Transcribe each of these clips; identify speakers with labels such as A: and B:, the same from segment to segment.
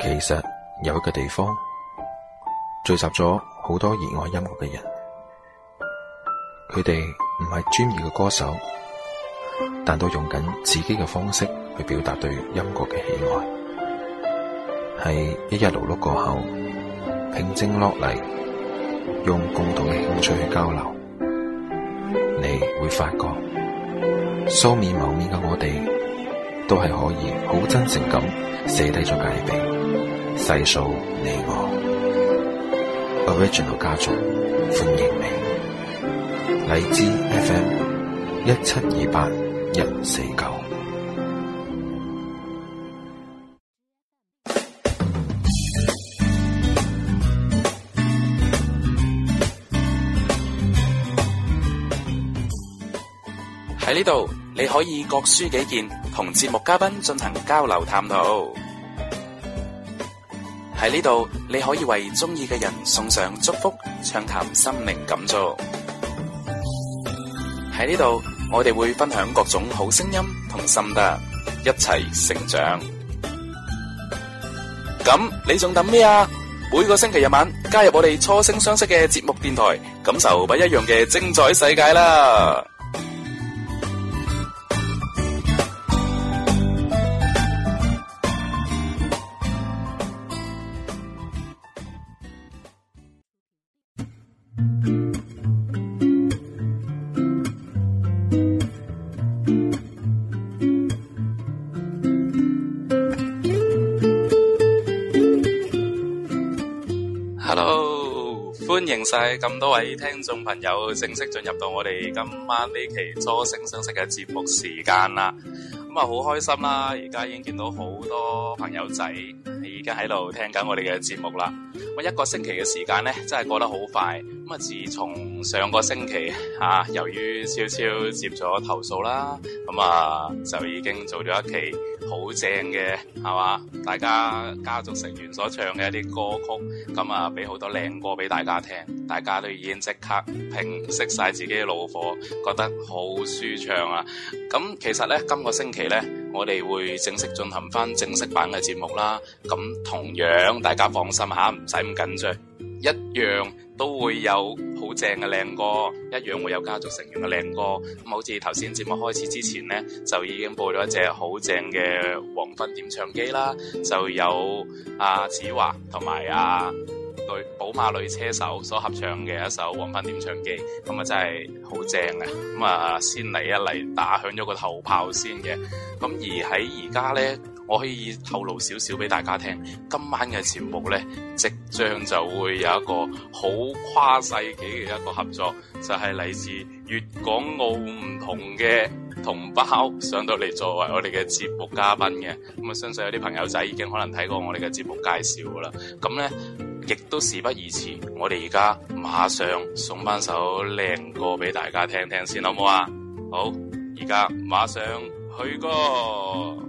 A: 其實有一個地方聚集咗好多熱愛音樂嘅人，佢哋唔係專業嘅歌手，但都用緊自己嘅方式去表達對音樂嘅喜愛。係一日勞碌過後，平靜落嚟，用共同嘅興趣去交流，你會發覺素未謀面嘅我哋，.都係可以好真誠咁寫低咗戒備，細數你我，Original 家族歡迎你，荔枝 FM 一七二八一四九。
B: 喺呢度你可以各抒己見。同節目嘉賓進行交流探討，喺呢度你可以為中意嘅人送上祝福，暢談心靈感觸。喺呢度，我哋會分享各種好聲音同心得，一齊成長。咁你仲等咩啊？每個星期日晚加入我哋初聲相識嘅節目電台，感受不一樣嘅精彩世界啦！咁多位聽眾朋友正式進入到我哋今晚呢期初升星升式嘅節目時間啦，咁啊好開心啦！而家已經見到好多朋友仔而家喺度聽緊我哋嘅節目啦。我一個星期嘅時間咧，真係過得好快。咁啊，自從上個星期嚇、啊，由於超超接咗投訴啦，咁啊就已經做咗一期好正嘅，係嘛？大家家族成員所唱嘅一啲歌曲，咁啊俾好多靚歌俾大家聽，大家都已經即刻平息晒自己嘅怒火，覺得好舒暢啊！咁、啊、其實呢，今個星期呢，我哋會正式進行翻正式版嘅節目啦。咁、啊、同樣，大家放心嚇，唔使咁緊張。不一樣都會有好正嘅靚歌，一樣會有家族成員嘅靚歌。咁好似頭先節目開始之前呢，就已經播咗一隻好正嘅《黃昏點唱機》啦，就有阿子華同埋阿女寶馬女車手所合唱嘅一首《黃昏點唱機》，真很正的，咁啊真係好正啊。咁啊先嚟一嚟打響咗個頭炮先嘅，咁而喺而家呢。我可以透露少少俾大家聽，今晚嘅節目呢，即將就會有一個好跨世紀嘅一個合作，就係嚟自粵港澳唔同嘅同胞上到嚟作為我哋嘅節目嘉賓嘅。咁啊，相信有啲朋友仔已經可能睇過我哋嘅節目介紹噶啦。咁呢，亦都事不宜遲，我哋而家馬上送翻首靚歌俾大家聽聽先，好唔好啊？好，而家馬上去歌。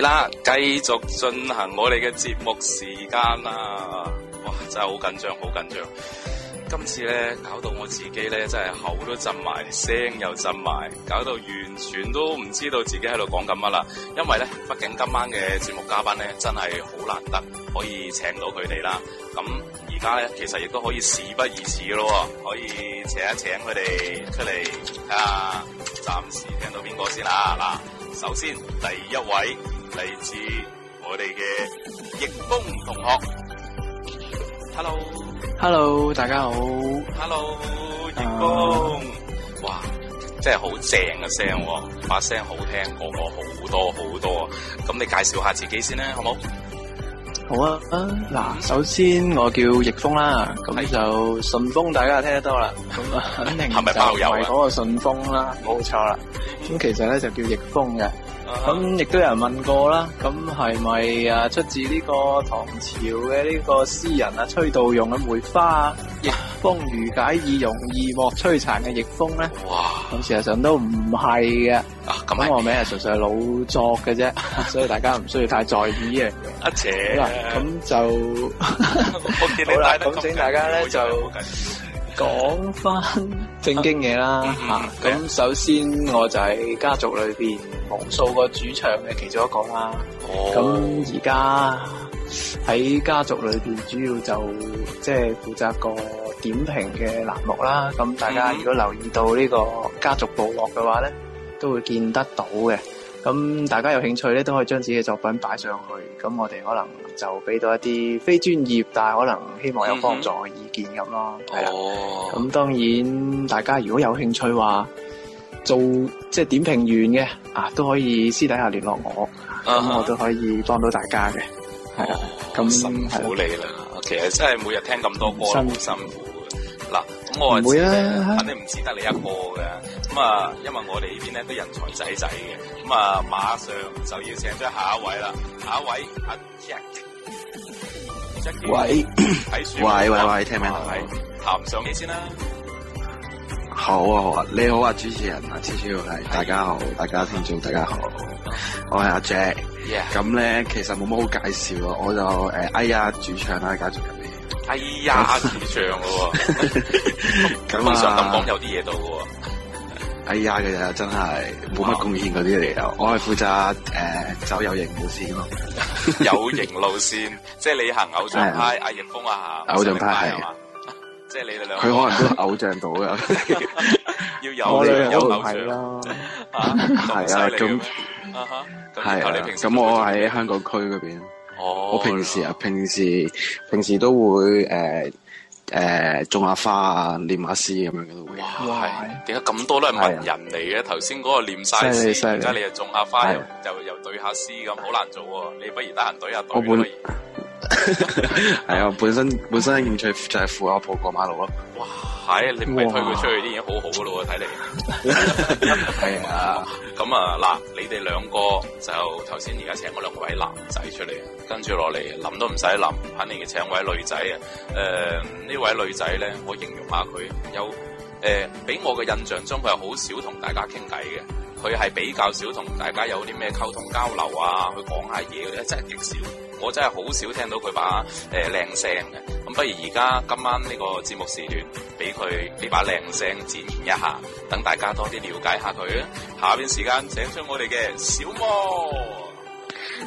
B: 啦，繼續進行我哋嘅節目時間啦，哇，真係好緊張，好緊張。今次咧搞到我自己咧，真係口都震埋，聲又震埋，搞到完全都唔知道自己喺度講緊乜啦。因為咧，畢竟今晚嘅節目嘉賓咧，真係好難得可以請到佢哋啦。咁而家咧，其實亦都可以事不宜遲咯，可以請一請佢哋出嚟。啊，睇下暫時聽到邊個先啦，嗱，首先第一位。嚟自我哋嘅易峰同學，Hello，Hello，Hello, 大家好，Hello，易峰，uh... 哇，真係好正嘅聲，把聲好聽過我好多好,好多，咁你介紹下自己先啦，好冇？
C: 好啊！嗱、啊，首先我叫易風啦，咁就順豐大家聽得多啦，咁肯定就係嗰個順豐啦，冇錯啦。咁其實咧就叫易風嘅，咁亦都有人問過啦，咁係咪啊出自呢個唐朝嘅呢個詩人啊崔 道融嘅梅花 易風如解意，容易莫摧殘嘅易風咧？哇！咁事實上都唔係嘅，啊咁我名係純粹係老作嘅啫， 所以大家唔需要太在意嘅。阿姐，嗱咁就好啦，咁請大家咧就講翻正經嘢啦。咁首先我就係家族裏邊無數個主唱嘅其中一個啦。咁而家喺家族裏邊主要就即係負責個點評嘅欄目啦。咁大家如果留意到呢個家族部落嘅話咧，都會見得到嘅。咁大家有興趣咧，都可以將自己嘅作品擺上去。咁我哋可能就俾到一啲非專業，但係可能希望有幫助嘅、嗯、意
D: 見咁咯。
C: 係咁、哦、當然大家如果有興趣話做即係、就是、點評員嘅啊，都可以私底下聯絡我。咁、uh -huh、我都可以幫到大家嘅。係啦，咁、哦、辛苦你啦。其實、okay，
B: 真係每日聽咁多歌，辛苦嗱。唔會啊！肯定唔止得你一個嘅。咁啊，因為我哋呢邊咧都人才濟濟嘅。咁啊，馬上就要請出下一位啦。下一位，阿 Jack、
C: 啊啊啊。喂，
B: 喂喂喂，聽唔聽得？談上你先啦。
A: 好啊好啊，你
C: 好啊，主持人啊，超超係，大家好，大家聽眾、嗯，大家好。嗯、我係阿、啊、Jack。咁咧，其實冇乜好介紹啊，我就誒哎呀，主唱啦，繼續。
B: 哎呀，自唱
C: 咯，咁 啊，講有啲嘢到喎。哎呀，佢哋真係冇乜貢獻嗰啲嚟啊！我係負責誒、uh, 走有型路線咯，有
B: 型路線，嗯、即係你行偶像派，嗯、阿葉峰啊，
C: 偶像派係、啊，即係你哋兩，佢可能都偶像到嘅， 要有我有偶像咯，係啊，咁係、嗯、啊，咁我喺香港區嗰邊。Oh, 我平時啊，yeah. 平時平時都會誒誒、呃呃、種下花啊，念下詩咁樣嘅都會。哇，係點解咁
B: 多都係文人嚟嘅？頭先嗰個念晒詩，而家你種、哎、又種下花又又對下詩咁，好難做喎、哎！你不如得閒對下對可
A: 係啊，本， 本身 本身興趣就係扶阿婆過馬路
B: 咯。
A: 哇，係你唔係推佢出
B: 去已經好好噶咯？睇 嚟。 係啊，咁啊嗱，你哋兩個就頭先而家請嗰兩位男仔出嚟。跟住落嚟，諗都唔使諗，肯定要請位女仔啊！呢、呃、位女仔咧，我形容下佢有誒，俾、呃、我嘅印象中，佢係好少同大家傾偈嘅，佢係比較少同大家有啲咩溝通交流啊，去講下嘢咧，真係極少。我真係好少聽到佢把靚聲嘅。咁、呃、不如而家今晚呢個節目時段，俾佢呢把靚聲展現一下，等大家多啲了解下佢啊！下面時間請出我哋嘅小魔。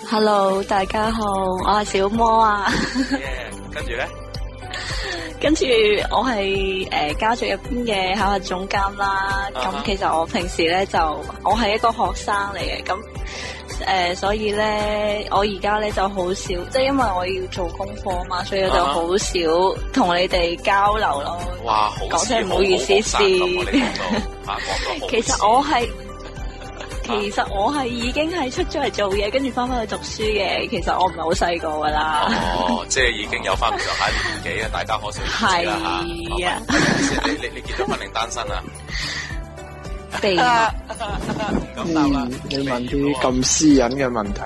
D: hello，大家好，我係小魔啊 yeah, 跟住呢，跟住咧，跟住我係誒家族入邊嘅考核總監啦，咁、uh -huh. 其實我平時咧就我係一個學生嚟嘅，咁誒、呃、所以咧我而家咧就好少，即係因為我要做功課嘛，所以我就好少同你哋交流咯，
C: 哇，講真唔好意思，是 ，
D: 其實我係。其實我係已經係出咗嚟做嘢，跟住翻返去讀書嘅。其實我唔係好細個噶啦。
B: 哦，即係已經有翻咗喺年紀。啊？大家可少知啦，係啊。啊 哦、你你你，你結咗婚定單身 啊？
D: 未
C: 咁得問。你問啲咁私隱嘅問題。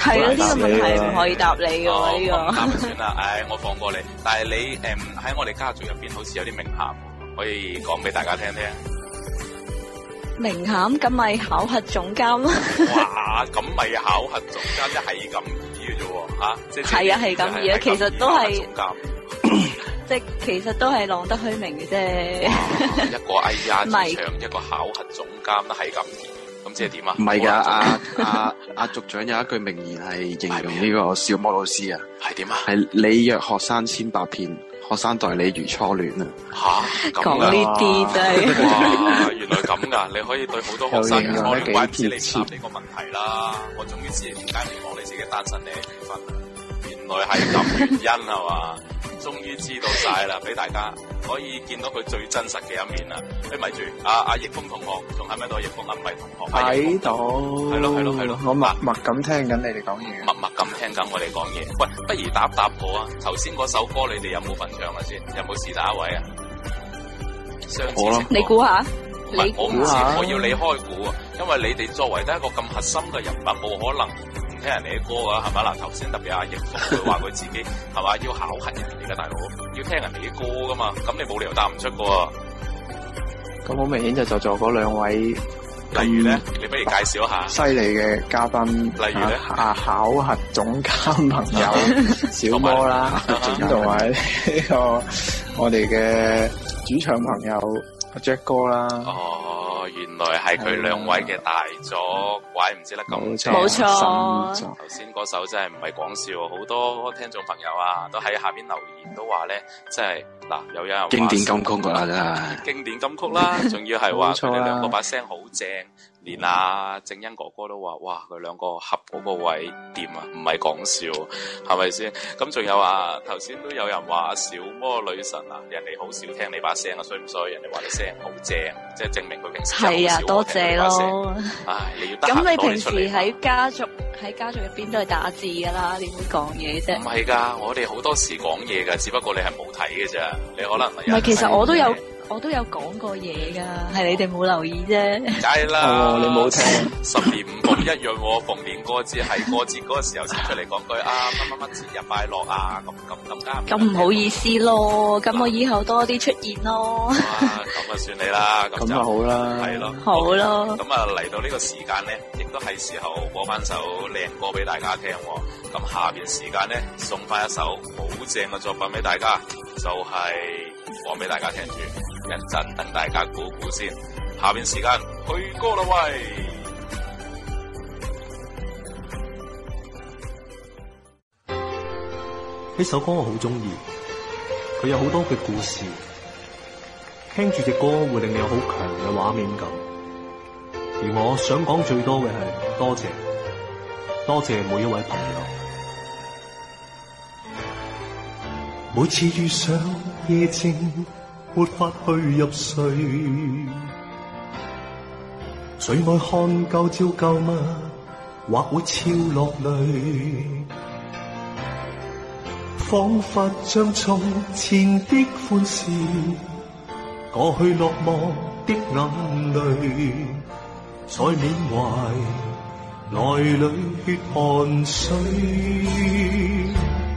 D: 係、嗯、啊，呢個問題唔可以答你噶喎呢個。哦、答唔算
B: 啦，唉、 哎，我放過你。但係你誒喺、嗯、我哋家族入邊，好似有啲名銜，可以講俾大家聽一聽。
D: 明顯咁咪考核總監咯，
B: 哇！咁咪考核總監就係咁易嘅啫，吓、啊，係啊，係咁易啊，其實都係監，
D: 即係其實都係、 就是、浪得虛名嘅啫。 一
B: 個 A 加長一個考核總監都係咁，咁即係點啊？唔係噶，阿阿阿族長有一句
C: 名言係形容呢個小魔老師啊，係點啊？係你若學生千百遍。學生代理如初戀啊！嚇，講呢啲對。原來
B: 咁噶！你可以對好多學生開幾 貼嚟解插呢個問題啦。我終於知點解你講你自己單身呢？結婚原來係咁原因係嘛？ 是終於知道晒啦，俾大家可以見到佢最真實嘅一面啦。你咪住，阿阿易峰同學仲喺咪喺度？易峰阿咪同學喺
C: 度，係咯係咯係咯，我默默咁聽緊
D: 你哋講嘢，
C: 默默
B: 咁聽緊我哋講嘢。喂，不如答答我啊！頭先嗰首歌你哋有冇份唱啊先？有冇是打一位啊？上次，情，你估
D: 下？我唔知你一下，我要你
B: 開估啊！因為你哋作為得一個咁核心嘅人物，冇可能。聽人哋嘅歌啊，係咪嗱？頭先特別阿奕，佢話佢自己係嘛 要考核人哋噶大佬，要聽人哋嘅歌噶嘛？咁你冇理由答唔出噶。
C: 咁好明顯就就做嗰兩位，例如咧，你
E: 不如介紹
B: 下
C: 犀利嘅嘉賓，例如呢啊考核總監朋友小摩啦，咁同埋呢個我哋嘅主唱朋友。 小摩 阿 Jack 哥啦，哦，
B: 原來係佢兩位嘅大作。鬼唔知得咁清，冇錯。頭先嗰首真係唔係講笑，好多聽眾朋友啊，都喺下邊留言都話咧，即係嗱，又有，有人經典金曲、啊、曲啦，經典金曲啦，仲要係話佢哋兩個把聲好正。連阿、啊、正恩哥哥都話：哇，佢兩個合嗰個位掂啊，唔係講笑，係咪先？咁仲有啊，頭先都有人話小魔女神啊，人哋好少聽你把聲啊，衰唔衰？人哋話你聲好正，即、就、係、是、證明佢平時真係好少聽你把聲。係啊，多謝咯。唉，你要得閒攞出嚟。咁你平時喺
D: 家族喺家族入邊都係打字噶啦，點會講嘢啫？唔係
B: 噶，我哋好多時講嘢噶，只不過你係冇睇嘅啫，你可能唔係。其實我都
D: 有。我都有講過嘢噶，係你哋冇留意啫。
B: 梗、嗯、係啦，哦、你冇聽，十年唔同一樣、喔。逢年過節係過節嗰個時候先出嚟講句 啊，乜乜乜節日快樂啊，咁咁咁家。咁唔好意
D: 思咯，咁我以後多啲出現咯。
B: 咁啊就算你啦，
C: 咁就，就好啦，
B: 係咯，好咯。咁啊嚟到呢個時間咧，亦都係時候播翻首靚歌俾大家聽。咁、哦、下邊時間咧，送翻一首好正嘅作品俾大家，就係講俾大家聽住。嗯一陣等大家估估先，下邊時間去歌啦喂！
C: 呢首歌我好中意，
F: 佢有好多嘅故事，聽住隻歌會令你有好強嘅畫面感。而我想講最多嘅係多謝，多謝每一位朋友。每次遇
G: 上夜靜。沒法去入睡，最愛看舊照舊物，或會超落淚，仿佛將從前的歡笑，過去落寞的眼淚，
F: 才緬懷內裡血汗水。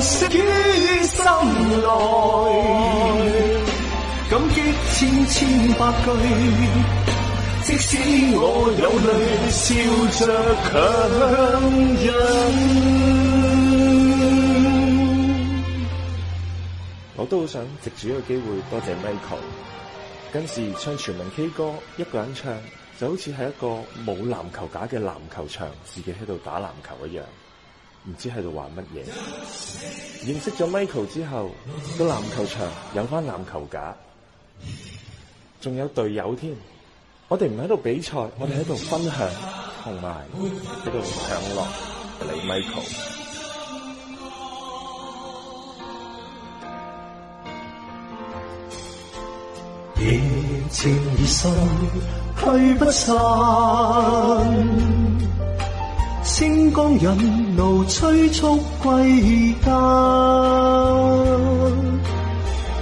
G: 識於心內，感激千千百句，即使我有淚，笑着強忍，
F: 我都好想藉住呢個機會多謝，謝 Michael，今次唱全民 K 歌，一個人唱
C: 就好似係一個冇籃球架嘅籃球場，自己喺度打籃球一樣。唔知喺度玩乜嘢？認識咗 Michael 之後，個籃球場
F: 有翻籃球架，仲有隊友添。我哋唔喺度比賽，我哋喺度分享，同埋喺度享樂。嚟
G: Michael，熱情已深，褪不散。清光引路，催促歸家。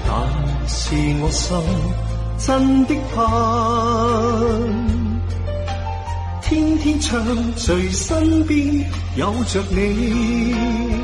G: 但是我心真的盼，天天唱，隨身邊有着你。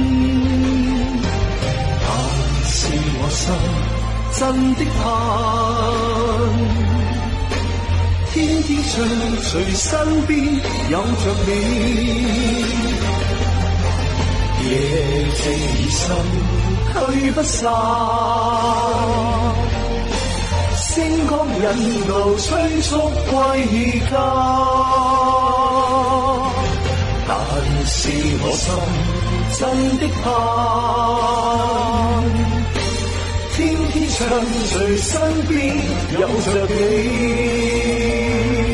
G: 心真的盼，天天唱，隨身邊有着你，夜靜已去不散，星光引路，催促歸家。但是我心真，真的盼。隨身邊有着你。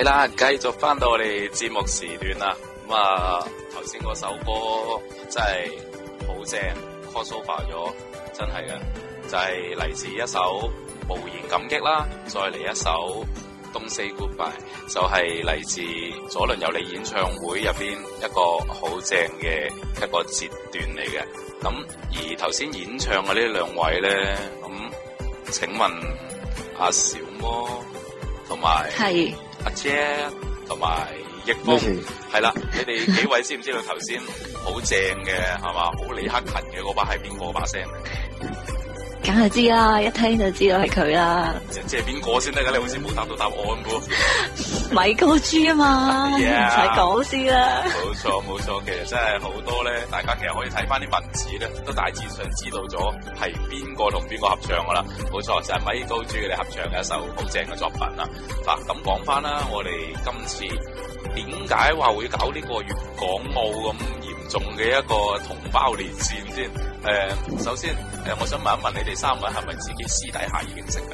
B: 係啦，繼續翻到我哋節目時段啦。咁、嗯、啊，頭先嗰首歌很 了真係好正 Call So Far 咗真係啊，就係、是、嚟自一首《無言感激》啦。再嚟一首《Don't Say Goodbye》，就係、是、嚟自左麟右李演唱會入邊一個好正嘅一個節段嚟嘅。咁、嗯、而頭先演唱嘅呢兩位咧，咁、嗯、請問阿小魔同埋。還有阿姐同埋益峰，係啦、嗯，你哋幾位知唔知道頭先好正嘅係咪？好 李克勤嘅嗰把係邊個把聲？
D: 梗係知啦，一聽就知道係佢啦。
B: 即係邊個先得噶？你好似冇答到答案咁。
D: 米高豬啊嘛，唔使講先啦。冇
B: 錯冇錯，其實真係好多咧，大家其實可以睇翻啲文字咧，都大致上知道咗係邊個同邊個合唱噶啦。冇錯，就係、是、米高豬佢哋合唱嘅一首好正嘅作品啦。嗱、啊，咁講翻啦，我哋今次點解話會搞呢個粵港澳咁嚴重嘅一個同胞連線先？誒，首先誒，我想問一問你哋三位係咪自己私底下已經識嘅？
D: 誒、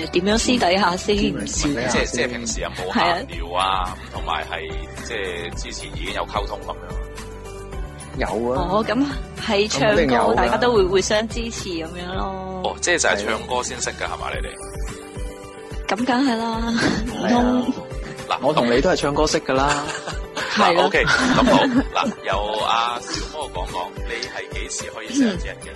D: 呃，點樣私底下先？即係即係平時有冇閒
B: 聊啊，同埋係即係之前已經有溝通咁、
C: 啊、樣。有
D: 啊。哦，咁係唱歌、啊，大家都會互相支持咁樣咯、啊。哦，
B: 即係就係唱歌先識噶係嘛？是啊是啊是啊、 你哋？
D: 咁梗係啦，唔通？
C: 嗱，我同你都係唱歌識噶啦。係 OK 咁好。嗱、啊，由阿、
B: 啊、小魔講講，你係幾時可以升職嘅？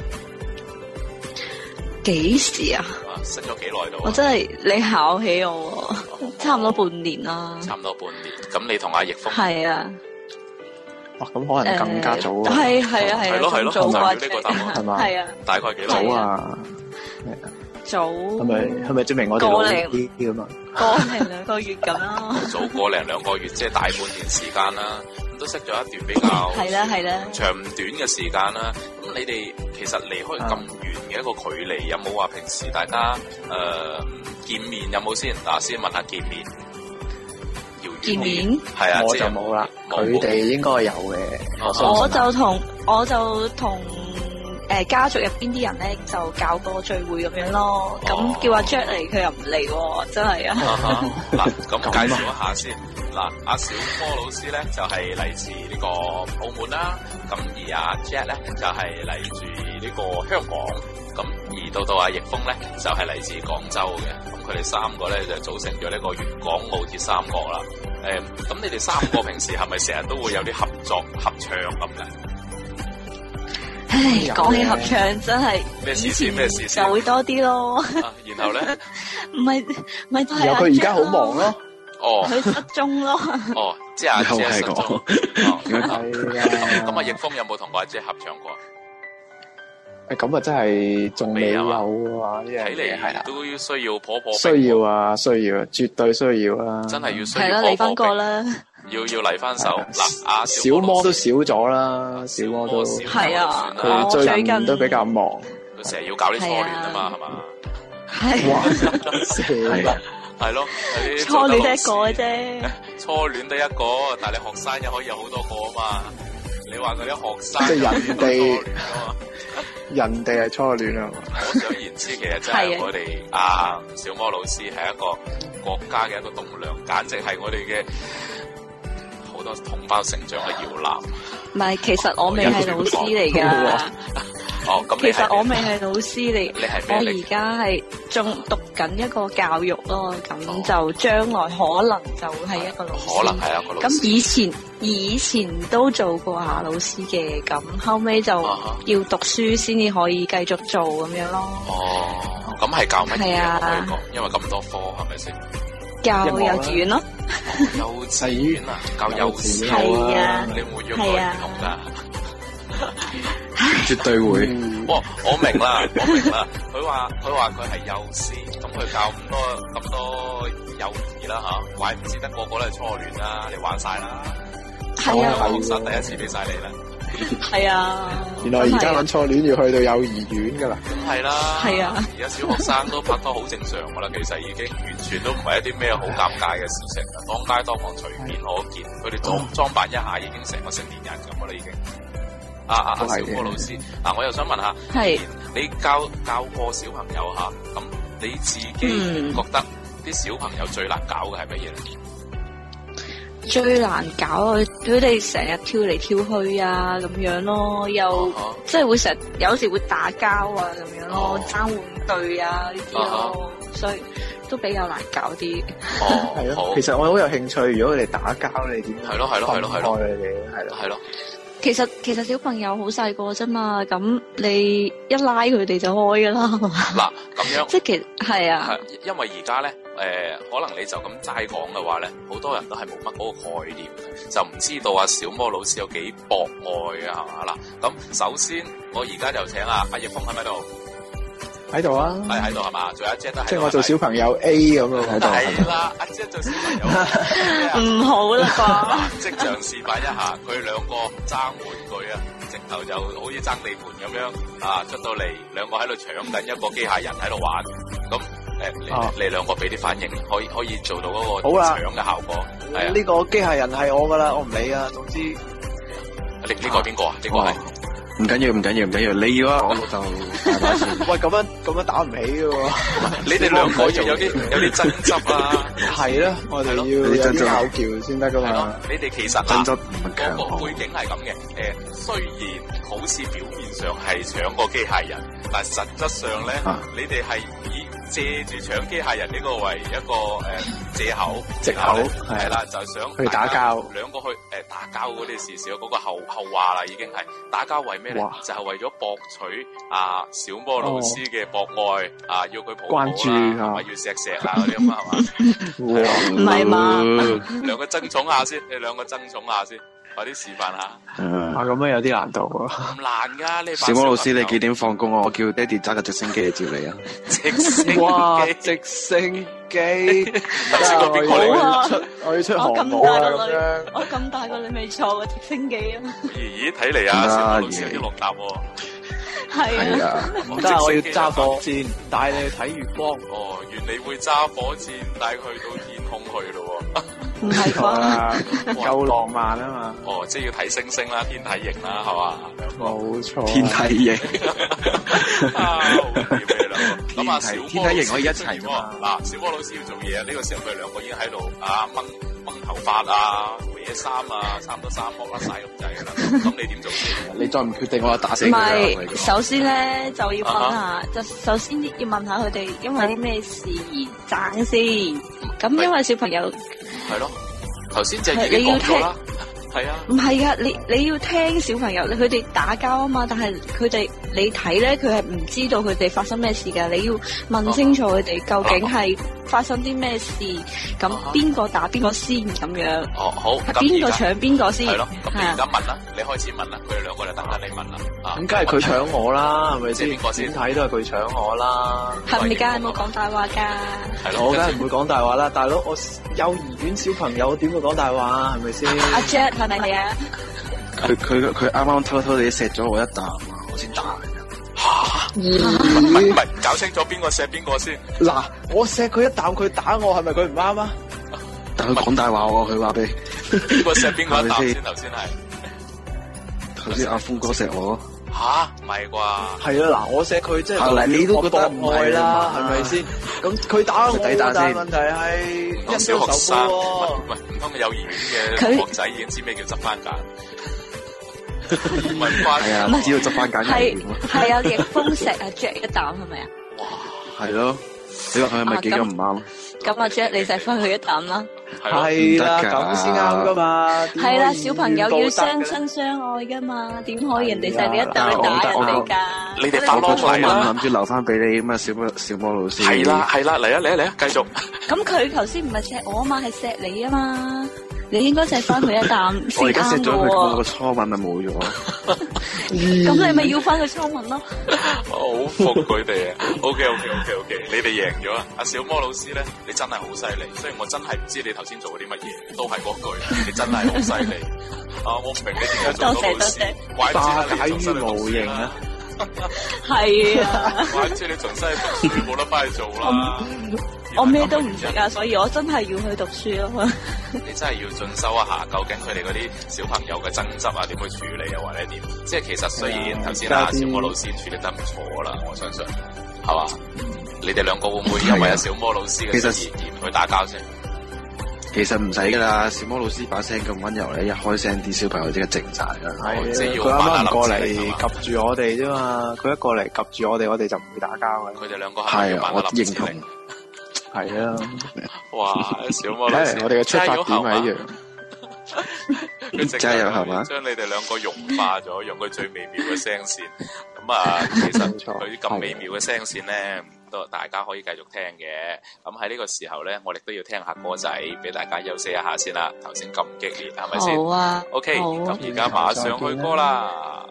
D: 幾、嗯、時啊？啊升咗幾耐咯？我真係你考起我、啊哦，差唔多半年啦、
B: 哦。差唔多半年，咁你同阿易峰係啊？哇，咁可能更加
D: 早啊！係係啊係，咯係咯，呢個答案係嘛？係、嗯、啊，啊，啊，
C: 大概幾耐啊？
D: 早係咪係咪
C: 證明我哋過零啲啲吖嘛？
D: 過零兩個月咁啦， 早
B: 過零兩個月，即 係大半年時間啦、啊。咁都識咗一段比較係啦係啦長短嘅時間啦、啊。咁你哋其實離開咁遠嘅一個距離，有冇話、啊、平時大家誒、呃、見面有冇先？嗱、啊，先問下見面。
D: 要面見面
C: 係啊，我就冇啦。佢哋應該有嘅、啊，我就
D: 同我就同。家族入邊啲人咧就搞個聚會咁樣咯，咁、yeah. oh. 叫阿 Jack 嚟佢又唔嚟喎，真係、
F: uh -huh. 啊！嗱，咁介
B: 紹一下先，嗱、 啊，阿小波老師咧就係、是、嚟自呢個澳門啦、啊，咁而阿、啊、Jack 咧就係嚟住呢個香港，咁而到到阿易峰咧就係、是、嚟自廣州嘅，咁佢哋三個咧就組成咗呢個粵港澳鐵三角啦。誒、啊，咁你哋三個平時係咪成日都會有啲合作合唱咁嘅？
D: 唉，講起合唱真係
C: 咩事情咩事情就會
D: 多啲咯、啊。然後咧，唔係唔係。佢而家好忙、啊啊啊、
C: 咯。
B: 哦，
D: 佢失蹤咯。
B: 哦，即係阿姐失係啊。
D: 咁
E: 是啊，
B: 易峰有冇同阿姐合唱過？
C: 咁啊，真係仲未有啊。睇嚟係啦，
B: 都需要婆婆需
C: 要啊，需要絕對需要啊。真係要需要婆婆。係咯，你講過
D: 啦。
B: 要要嚟翻手嗱，
C: 阿、啊、小，小魔都少咗啦，小魔都係啊，佢最近都比較忙，佢成日要搞啲初戀啊嘛，
E: 係
B: 嘛？係，係咯，初戀得一個
E: 啫，
B: 初戀得一個，但係你學生又可以有好多個啊嘛。你話嗰啲學生即係人哋，
C: 人哋係初戀啊嘛。我想
B: 言之，其實真係我哋阿、啊、小魔老師係一個國家嘅一個棟樑，簡直係我哋嘅好多同胞成長嘅搖籃，
D: 唔、啊、係，其實我未係老師嚟㗎。 哦，咁其實我未係老師嚟。你係咩？我而家係仲讀緊一個教育咯，咁、哦、就將來可能就會係一個老師。可能係啊，個老師。咁以前以前都做過下老師嘅，咁、嗯、後尾就要讀書先至可以繼續做咁樣咯。哦，
B: 咁係教咩？係啊，因為咁多課，係咪先？
D: 教幼稚園
C: 咯、啊，幼稚園啊，教幼師啊，啊，啊，啊，你活用過唔同噶，啊、 絕對會。哇、 哦，我明啦，我明啦。佢話
B: 佢話佢係幼師，咁佢教咁多咁多幼兒啦吓，怪唔之得個個都係初戀啦，你玩晒啦。
C: 係啊，
D: 學
B: 生第一次俾晒你啦。
D: 係 啊，原來而家
C: 諗錯戀要去到幼兒園噶
B: 啦，係啦，係啊，而家、啊、 小學生都拍拖好正常噶啦，其實已經完全都唔係一啲咩好尷尬嘅事情啦，當街當巷隨便可見，佢哋裝裝扮一下已經成個成年人咁啦，已經。啊啊，小波老師，嗱、啊啊，我又想問一下，係你教教過小朋友吓，咁你自己覺得啲小朋友最難搞嘅係乜嘢？
D: 最難搞啊！佢哋成日跳嚟跳去啊，咁樣咯，又、uh -huh. 即係會成日有時會打交啊，咁樣咯，爭玩具啊呢啲咯，uh -huh. 所以都比較難搞啲、uh
C: -huh. 係咯，其實我好有興趣，如果佢哋打交，你點樣係咯係咯係咯係咯，係咯係咯。
D: 其實其實小朋友好細個啫嘛，咁你一拉佢哋就開噶啦，係
C: 嘛？
B: 嗱，咁樣
D: 即係，係啊，
B: 因為而家咧，誒，可能你就咁齋講嘅話咧，好多人都係冇乜嗰個概念，就唔知道啊小魔老師有幾博愛啊，係嘛嗱，咁首先，我而家就請啊阿葉峰喺咪度？是喺度啊，係喺度係嘛，仲有一隻啦，即、就、係、是、我做
C: 小朋友 A 咁樣喺度。係 啦、啊，阿姐做小
B: 朋友 A,、啊，唔、 啊啊、好了啦、啊。即場示範一下，佢兩個爭玩具啊，直頭就好似爭地盤咁樣啊！出到嚟，兩個喺度搶緊一個機械人喺度玩。咁誒、呃，你、啊、你兩個俾啲反應，可以可以做到嗰個好搶嘅
C: 效果。係呢、啊，這個機械人係我噶啦，我唔理啊。總之，你呢個邊個啊？呢、這個係、啊。這個唔緊要，唔緊要，唔緊要。你要啊，我老豆， 喂，咁樣咁樣打唔起㗎喎、啊。 你哋兩個仲有啲有啲爭執啊？係 啊，我哋要有啲口叫先得噶嘛。 你哋其實啊，爭執那個背景係咁嘅。誒，
B: 雖然好似表面上係搶過機械人，但實質上咧、啊，你哋係。借住搶機械人呢個為一個誒借、呃、口借口係啦，就想去打交，兩個去誒、呃、打交嗰啲事事嗰、那個後後話啦，已經係打交為咩咧？就係、是、為咗博取阿、啊、小魔老師嘅博愛、
C: 哦、啊，要佢抱抱啦，係咪要錫錫啊嗰啲咁啊？係、啊、 嘛，唔係嘛？
B: 兩個爭寵下先，你兩個爭寵下先。有
C: 啲示範下，嗯、啊咁樣有啲難度、啊，唔難噶、啊。小魔老師，你幾點放工啊？ 我叫爹哋揸架直升機嚟接你啊！
G: 直升機，直升機， 我要出，啊、我要
C: 出、啊。我咁大個女，
D: 我咁大個女未坐過直升機
B: 啊！咦 咦，睇嚟啊，啊，小魔老師要落閘喎。
D: 係啊， 是啊 哎哦哦、啊 我要揸
B: 火箭，帶你去睇月光。哦，原來會揸火箭，帶佢去到天空去咯、啊。
C: 唔係錯啊，夠浪漫啊嘛！哦，即、
B: 就、係、是、要睇星星啦，天體營啦，係
C: 嘛？冇錯，天體營咁 啊，天體營可以一齊。嗱、
B: 啊，小波老師要做嘢，呢、這個時候佢哋兩個已經喺度啊，掹掹頭髮啊，換嘢衫啊，差唔多三剝啦，晒咁滯
C: 啦。咁、 啊、你點做呢？你再唔決定，我打死佢。唔係，
D: 首先咧就要問下、嗯，就首先要問下佢哋，因為咩事而爭、嗯、先？咁因為小朋友
B: 係咯。頭先就已經講咗啦。啊啊係啊，
D: 唔係啊。你你要聽小朋友，佢哋打交啊嘛，但係佢哋你睇咧，佢係唔知道佢哋發生咩事噶，你要問清楚佢哋究竟係發生啲咩事，咁邊個打邊個先咁樣？哦
C: 好，邊個搶邊個先？係咯，咁你而家問啦，你開始問啦，佢哋兩個嚟等下你問啦。咁梗係佢搶我啦，係、啊、咪、啊、先？我點睇都係佢搶我啦。係咪
D: 梗係冇講大話噶？係咯、啊
C: 啊，我梗係唔會講大話啦，大佬，我幼兒園小朋友點會講大話啊？係咪先？阿 Jack。係咪啊？佢佢佢啱啱偷偷哋錫咗我一啖，啊！我
D: 先
C: 打。吓？唔係唔係，搞清楚邊個錫邊個先？嗱，我錫佢一啖，佢打我，係咪佢唔啱啊？但佢講大話喎，佢話俾邊個錫邊個你先頭先係，頭 先阿峰哥錫我。吓，唔係啩？係、嗯嗯嗯、啊，嗱，我錫佢即係，你都覺得唔係啦，係咪先？咁佢打我，但係問題係，一小學生，唔係唔
B: 通嘅幼兒園嘅學仔已經知咩叫執返揀？
C: 唔係， 知道執番揀係！
D: 係啊！逆風石啊，Jack 一啖係咪啊？哇，
C: 係咯，啊啊、Jack, 你話佢係咪幾咁唔啱？
D: 咁阿 Jack 你就錫翻佢一啖啦。
C: 係啦，咁先啱㗎嘛。
D: 係啦，小朋友要相親相愛㗎嘛，點可以人哋錫你一啖去打人哋㗎？你哋打攞嚟啦！諗
C: 住留翻俾你咁啊，小魔小魔老師。係啦，係啦，嚟啊嚟啊嚟啊，繼續。
D: 咁佢頭先唔係錫我啊嘛，係錫你啊嘛。你應該借翻佢一啖時間喎，我而家借咗佢個
C: 初吻咪冇咗，
D: 咁、 嗯、 你咪要
B: 翻個初吻咯。好、 啊，服佢哋啊！OK OK OK OK，你哋贏咗啊！阿小魔老師咧，你真係好犀利，雖然我真係唔知你頭先做咗啲乜嘢，都係嗰句，你真係好犀利。 啊，我唔明，明你點解做嗰個事，化解於
F: 無形啊！
D: 係 啊，
B: 即係你盡晒讀書，冇得翻去做啦。
D: 我咩都唔知啊，所以我真係要去讀書啊嘛。
B: 你真係要進修一下，究竟佢哋嗰啲小朋友嘅爭執啊，點去處理啊，或者點？即係其實雖然頭先啊，小魔老師處理得唔錯啦，我相信，係嘛、嗯？你哋兩個會唔會因為有小魔老師嘅爭議點去打交先？
C: 其實唔使噶啦，小魔老師把聲咁温柔咧，一開聲啲小朋友刻靜、啊、即刻靜晒啦。係佢啱啱過嚟夾住我哋啫嘛，佢一過嚟夾住我哋，我哋就唔會打交啦。佢哋兩個係。係、啊，我認同。係啊，
B: 哇！小魔老師！啊、我哋嘅出發點係
C: 一樣。將
B: 你哋兩個融化咗，用佢最美妙嘅聲線。咁啊，其實佢咁美妙嘅聲線咧。都大家可以繼續聽嘅，咁喺呢個時候咧，我哋都要聽下歌仔，俾大家休息一下先啦。頭先咁激烈，係咪先？好啊，OK，咁而家馬上去歌啦。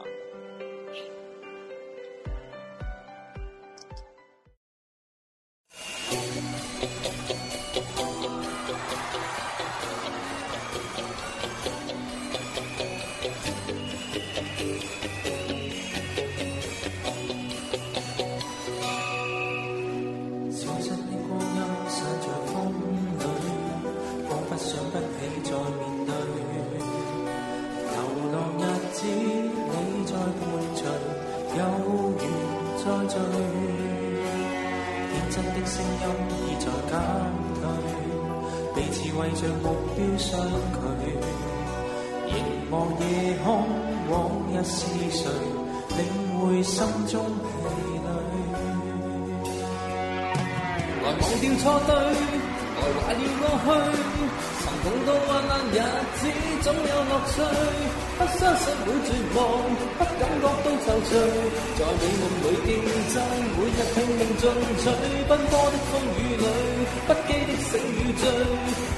G: 來忘掉錯對，來懷念過去，曾共度患難日子，總有樂趣。不相信會絕望，不感覺到受罪，在美夢裏競爭，每日拼命進取，奔波的風雨裏，不羈的醒與醉，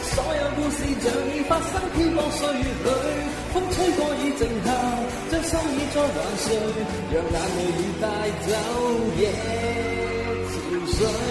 G: 所有故事像已發生，飄過歲月裏，風吹過已靜下，將心意再還誰，讓眼淚已帶走夜憔悴。Yeah,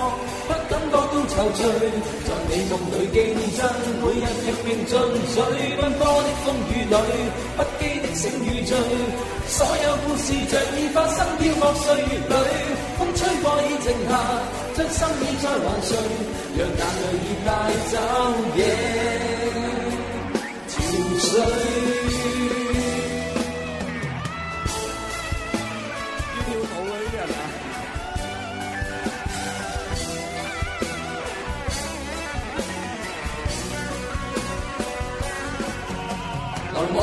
G: 在你夢裏競爭，每日拼命進取。奔波的風雨裏，不羈的醒與醉，所有故事像已發生，飄泊歲月裏，風吹過已靜下，將心意再還誰，讓眼淚已帶走夜憔悴。Yeah, 潮水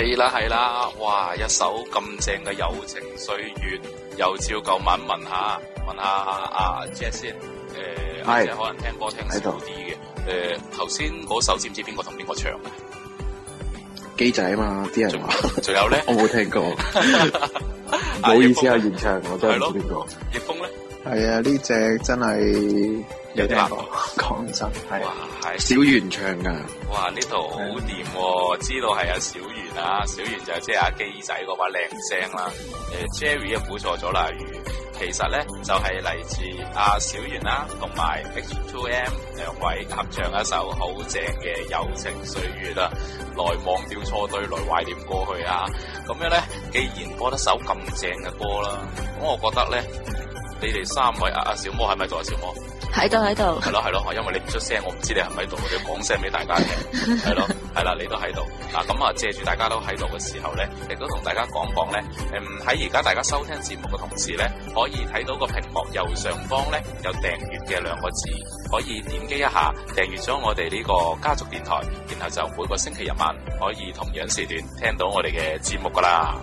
B: 係啦係啦，哇！一首咁正嘅友情歲月，又照舊問，問一問下，問一下阿 Jack 先，誒、啊，係、呃啊、可能聽歌聽少啲嘅，誒、呃，頭先嗰首知唔知邊個同邊個唱嘅？
C: 機仔啊嘛，啲人仲話仲有咧， 我冇聽過，唔、 啊、好意思啊，現場我真係唔知邊個。葉峰咧，係啊，呢隻真係。有聽過講真係，小圓唱
B: 噶。哇，呢套好掂，哦，知道係阿小圓啊。是的小圓就係即係阿基仔把靚聲啦。誒、啊、，Jerry 又估錯咗啦，其實咧就係、是、嚟自阿小圓啦，啊，同埋 H2M 兩位合唱一首好正嘅《友情歲月》啊，來忘掉錯對，來懷念過去啊。咁樣咧，既然播得首咁正嘅歌啦，咁我覺得咧，你哋三位阿阿、啊、小魔係咪仲係小魔？喺度喺度，係咯係咯，因為你唔出聲，我唔知你係咪喺度，我哋要講聲俾大家聽，係咯係啦，你都喺度。嗱咁啊，借住大家都喺度嘅時候咧，亦都同大家講講咧，誒喺而家大家收聽節目嘅同時咧，可以睇到個屏幕右上方咧有訂閱嘅兩個字，可以點擊一下訂閱咗我哋呢個家族電台，然後就每個星期日晚可以同樣時段聽到我哋嘅節目噶啦。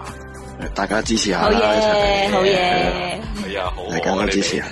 C: 大家支持一下，Oh yeah, 一 yeah, yeah. Yeah. Yeah. 哎，好嘢，好嘢。係啊，好嚟講，我支持啊！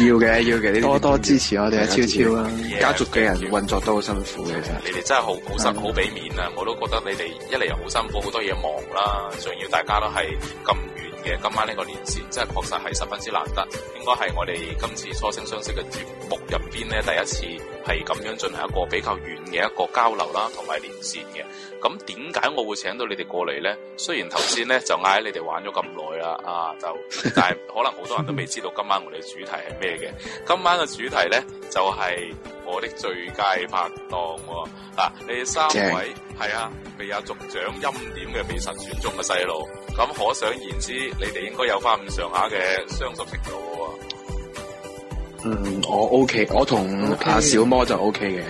C: 要嘅，要嘅，你多多支持我哋啊，超超啊！Yeah, 家族嘅人運作都好辛苦嘅，其、yeah, 你哋真係好，yeah. 好辛，
B: 好俾面啊！我都覺得你哋一嚟又好辛苦，好多嘢忙啦，仲要大家都係咁遠。今晚呢個連線，真係確實係十分之難得，應該係我哋今次初聲相識嘅節目入邊呢，第一次係咁樣進行一個比較遠嘅一個交流啦，同埋連線嘅。咁點解我會請到你哋過嚟呢？雖然頭先呢就嗌你哋玩咗咁耐啦，啊就，但係可能好多人都未知道今晚我哋嘅主題係咩嘅。今晚嘅主題呢，就係、是。我的最佳拍檔喎，嗱，你哋三位係啊，未有族長欽點嘅未實選中嘅細路，咁可想而知，你哋應該有翻咁上下嘅相熟程度喎。嗯，
C: 我 OK，我同阿小魔就 OK 嘅。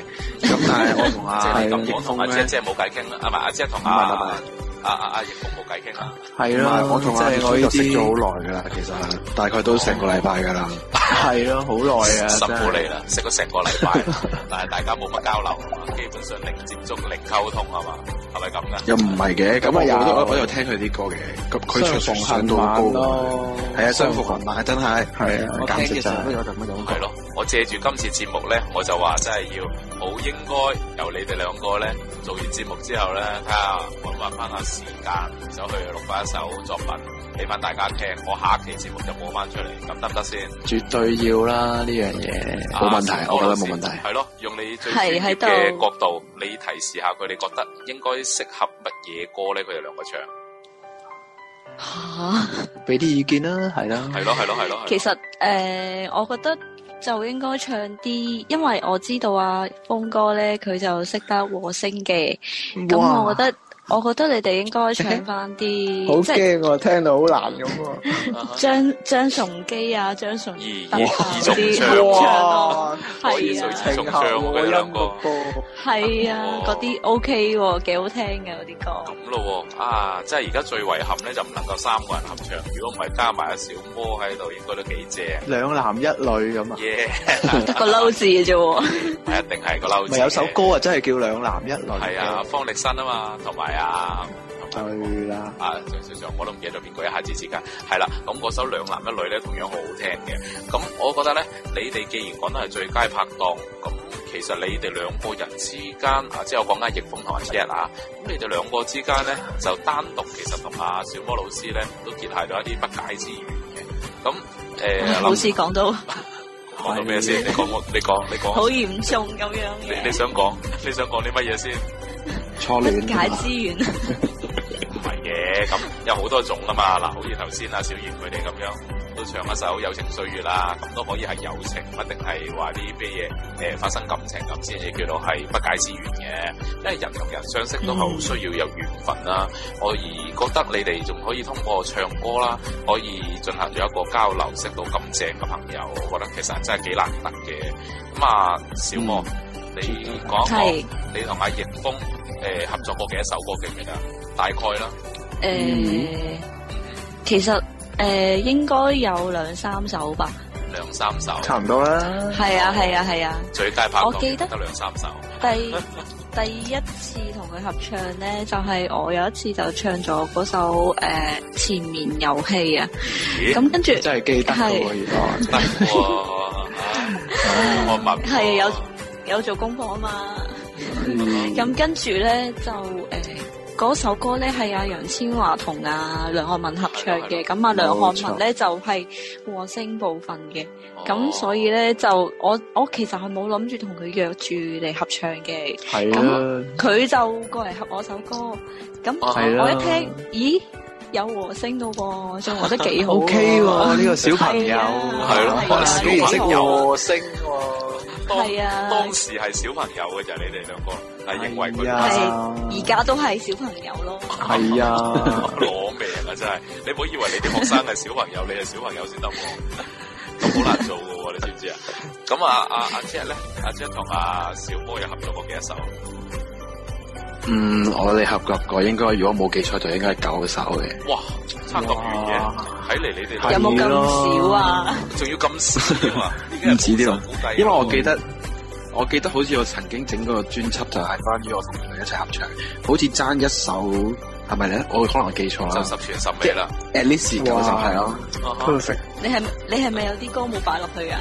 C: 咁但係我同阿、啊， 我同阿姐
B: 姐冇偈傾啦。係咪阿姐同阿、啊。嗯啊啊！阿盈冇冇偈傾啊，係、啊、
C: 咯，即係、啊啊啊、我依啲識咗好耐噶啦，其實大概都成個禮拜噶啦，係咯，好耐啊，十個嚟啦，
B: 識咗成個禮拜，但係大家冇乜交流啊嘛，基本上零接觸、零
A: 溝通啊嘛，係咪咁噶？又唔係嘅，咁我喺聽佢啲歌嘅，咁佢出房都好高，
C: 係啊，雙副群晚真係，係啊，啊，我有咁樣，係咯、就是啊，
B: 我借住今次節目咧，我就話真係要。好應該由你哋兩個咧，做完節目之後咧，睇下搵翻翻下時間，走去錄翻一首作品，俾翻大家聽。我下一期節目就播翻出嚟，咁得唔得先？
C: 絕對要啦，呢樣嘢冇問題、啊，我覺得冇問
B: 題。係、啊、咯、嗯啊，用你最貼嘅角度，你提示下佢哋，覺得應該適合乜嘢歌咧？佢哋兩個唱，
C: 俾、啊、啲意見啦，係啦，係咯，係咯，係咯。
D: 其實誒、呃，我覺得。就應該唱啲，因為我知道啊，峰哥呢，佢就識得和聲嘅，
C: 咁我覺得。
D: 我覺得你哋應該唱翻啲，好驚
C: 我聽到好難
D: 咁啊！張張崇基啊，張崇德嗰啲，哇，可以重唱嘅兩個歌，係啊，嗰啲 OK 喎，幾好聽嘅嗰啲歌。
B: 咁咯喎，啊，即係而家最遺憾咧，就唔能夠三個人合唱。如果唔係加埋阿小魔喺度，應該都幾正。
C: 兩男一女咁啊，得個嬲字嘅啫，係一定係個嬲字。咪有首歌啊，真係叫兩男一女。係啊，
B: 方力申啊嘛，同埋。啊，
C: 對啦，
B: 啊，鄭少少，我都唔記得咗邊個一下子之間係啦，咁嗰首兩男一女咧同樣好好聽嘅，咁我覺得咧，你哋既然講得係最佳拍檔，咁其實你哋兩個人之間啊，即係我講緊逆風同阿 Jack 啊，咁你哋兩個之間咧就單獨其實同阿小魔老師咧都結下咗一啲不解之緣嘅，咁誒，老師講到講 到咩什先？ 你講我，你講，你講，好
D: 嚴重咁樣，你
B: 你想講，你想講啲乜嘢先？
C: 錯亂解
D: 之緣，唔
B: 係嘅，咁有好多種噶嘛嗱，好似頭先阿小賢佢哋咁樣，都唱一首友情歲月啦，咁都可以係友情，唔一定係話啲咩嘢誒發生感情咁先至叫做係不解之緣嘅，因為人同人相識都好需要有緣分啦。我、嗯、而覺得你哋仲可以通過唱歌啦，可以進行咗一個交流，識到咁正嘅朋友，我覺得其實真係幾難得嘅。咁啊，小莫。嗯你講一說你同阿迎峰，誒合作過幾多首歌，記唔記得？大概啦。誒、嗯
D: 嗯，其實誒、呃、應該有兩三首吧。
B: 兩三首，差唔多啦。係
D: 啊係啊係啊。
B: 最佳拍檔我記得得兩三首。
D: 第第一次同佢合唱咧，就係、是、我有一次就唱咗嗰首誒《纏綿遊戲》啊。咁跟住真係記得嘅， 我我問係有。有做功課啊嘛，咁跟住咧就誒嗰、欸、首歌咧係阿楊千嬅同阿梁漢文合唱嘅，咁啊梁漢文咧就係、是、和聲部分嘅，咁、哦、所以咧就我我其實係冇諗住同佢約住嚟合唱嘅，係啊，佢就過嚟合我首歌，咁我，我一聽咦有和聲咯喎，仲和得幾好，OK 喎，呢個小朋
C: 友係咯，小唔識和聲
B: 喎、
D: 啊。係啊，當
B: 時係小朋友嘅就你哋兩個，係認為佢係
D: 而家都係
C: 小
B: 朋友咯。係、哎、啊，攞命啦真係，你唔好以為你啲學生係小朋友， 你係小朋友先得喎，都好難做噶喎，你知唔知那啊？咁啊阿 Jack 咧，Jack 同阿小波有合作過幾多首？
C: 嗯，我哋合格過，應該如果冇記錯，就應該係九首嘅。哇，差咁遠
F: 嘅，睇嚟你哋有冇咁少
C: 啊？仲 要咁少啊？唔止啲，因為我記得,、嗯、我記得，我記得好似我曾經整個專輯就係關於我同佢一齊合唱，好似爭一首係咪咧？我可能記錯啦，
B: 就十全十
C: 美啦。At least，係咯，perfect。
D: 你係你係咪有啲歌冇擺落去啊？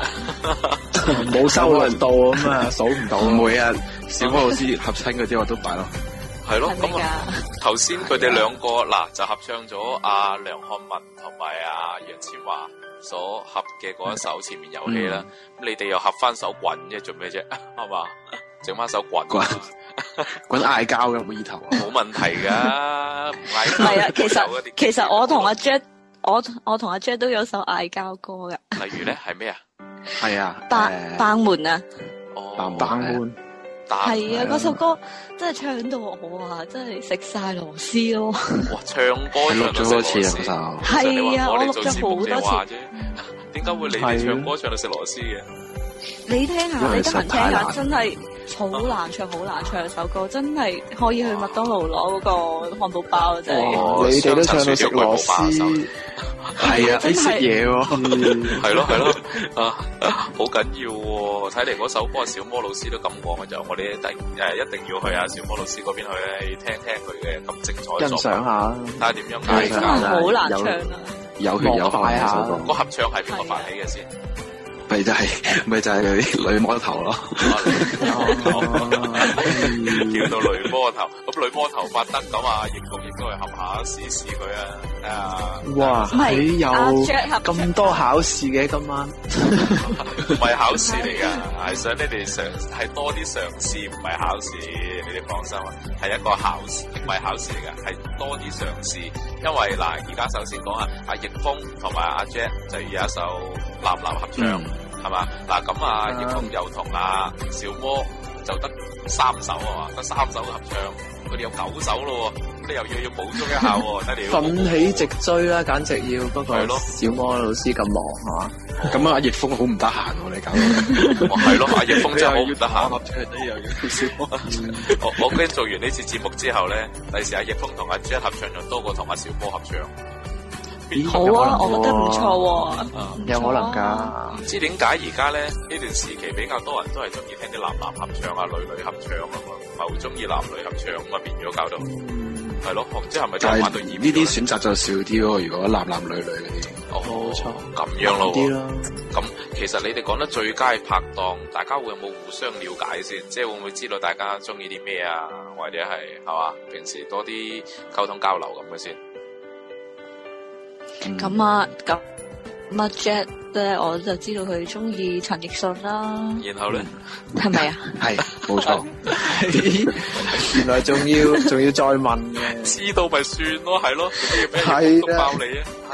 C: 冇 沒收量到咁 啊，數 唔到。 每日小波老師合親嗰啲我都擺落。
E: 係咯，咁啊，
B: 頭先佢哋兩個嗱就合唱咗阿、啊、梁漢文同埋阿楊千嬅所合嘅嗰一首《前面遊戲》啦。咁、嗯、你哋又合翻首滾啫，做咩啫？係嘛，整翻首滾，
C: 滾嗌交嘅冇意頭，
B: 冇 問題噶。
D: 係 啊架， 其實 其實我同阿 Jack， 我我同阿 Jack 都有首嗌交歌噶。
C: 例如咧，係咩啊？係啊，
D: 扮、呃、扮門啊，
C: 扮、哦、扮門。哎係啊，嗰、啊、首
D: 歌真係唱到我好啊，真係食晒螺絲咯、哦！哇，唱歌錄咗好多次啊，嗰係啊，我錄咗好
B: 多次。點解會你哋唱歌唱到食螺絲嘅、
D: 啊？你聽下、啊啊，你得閒聽下，真係好難唱，好難唱。難唱首歌真係可以去麥當勞攞嗰個漢堡包真
E: 係啫。你哋都唱到食螺絲。
B: 係啊，
D: 食嘢
C: 喎，
B: 係咯係咯，啊，好緊要喎！睇嚟嗰首歌小魔老師都咁講嘅，就我哋第誒一定要去啊！小魔老師嗰邊去聽聽佢嘅咁精彩，欣賞下睇下點樣。真好
A: 難唱啊！
C: 有有待啊。
B: 個合唱係邊個發起嘅先？
C: 咪就係、是、咪就係、是、女魔頭咯？叫、啊、 魔頭 到女
B: 魔頭咁女魔頭發燈咁啊！亦都亦都嚟合下試試佢啊！試哇，係有
C: 咁多考試嘅，今晚
B: 唔係考試，唔係考試嚟噶，係想你哋嘗，係多啲嘗試，唔係考試，你哋放心啦，係一個考試唔係考試嚟噶，係多啲嘗試，因為嗱，而家首先講下阿易峰同埋阿 Jack 就而家有首男男合唱，係、嗯、嘛，嗱咁啊，易峰又同阿小魔。就得三首啊嘛，得三首合唱，佢哋有九首咯，咁你又要要補充一下，得 啦。奮起
C: 直追啦，簡直要，係咯。小魔老師咁忙係嘛？咁阿葉峰好唔得閒喎，你搞，係、 啊、咯。阿葉峰真係要下合唱，真 係要要
B: 小魔。 我我記得做完呢次節目之後咧，第時阿葉峰同阿 J 合唱就多過同阿小魔合唱。可能好啊，我覺得唔錯
C: 喎。有可能㗎，唔、啊啊、
B: 知點解而家咧呢段時期比較多人都係中意聽啲男男合唱啊、女女合唱啊嘛，唔係好中意男女合唱咁啊，變咗搞到，係、嗯、咯，唔知係咪就混到嚴重而呢
A: 啲選擇就少啲咯、啊。如果男男、女女嗰啲，哦，
B: 冇錯，咁樣咯。咁、啊、其實你哋講得最佳拍檔，大家會有冇互相了解先？即係會唔會知道大家中意啲咩啊？或者係係嘛？平時多啲溝通交流咁嘅先。
D: 咁、嗯、啊，咁阿 Jack 咧，我就知道佢中意陳奕迅啦。
C: 然後咧，係咪啊？係， 冇沒錯。 原來仲要仲要再問嘅，知道咪算咯？係咯，要俾人爆你啊！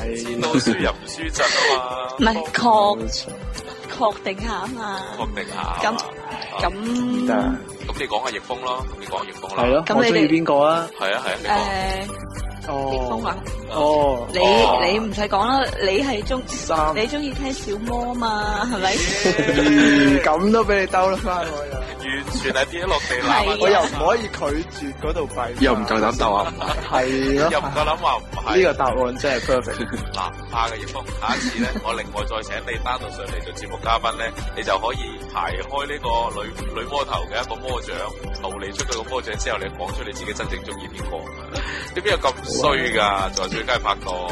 C: 係輸又唔輸真啊？唔、啊、
D: 係，確確、啊、 定下啊嘛。確定下。咁、呃、咁，咁
B: 你講下易峰咯？你講阿易峰啦。係咯。咁你中意
C: 邊個啊？係啊係啊。誒。葉、哦、峰啊！哦，你你
D: 唔使講啦，你係中，你中意聽小魔嘛，係、
C: yeah. 咪？咁都俾你兜啦， 完全係跌落地啦，我又唔可以拒絕嗰度弊，又唔夠膽鬥啊？係 咯， 又唔夠膽話唔係呢個答案真係 perfect。嗱，
B: 下嘅葉峰，下一次咧，我另外再請你單獨上嚟做節目嘉賓咧，你就可以排開呢個女 女魔頭嘅一個魔掌，逃離出佢個魔掌之後，你講出你自己真正中意邊個？你邊有咁？衰噶，就最佳拍檔，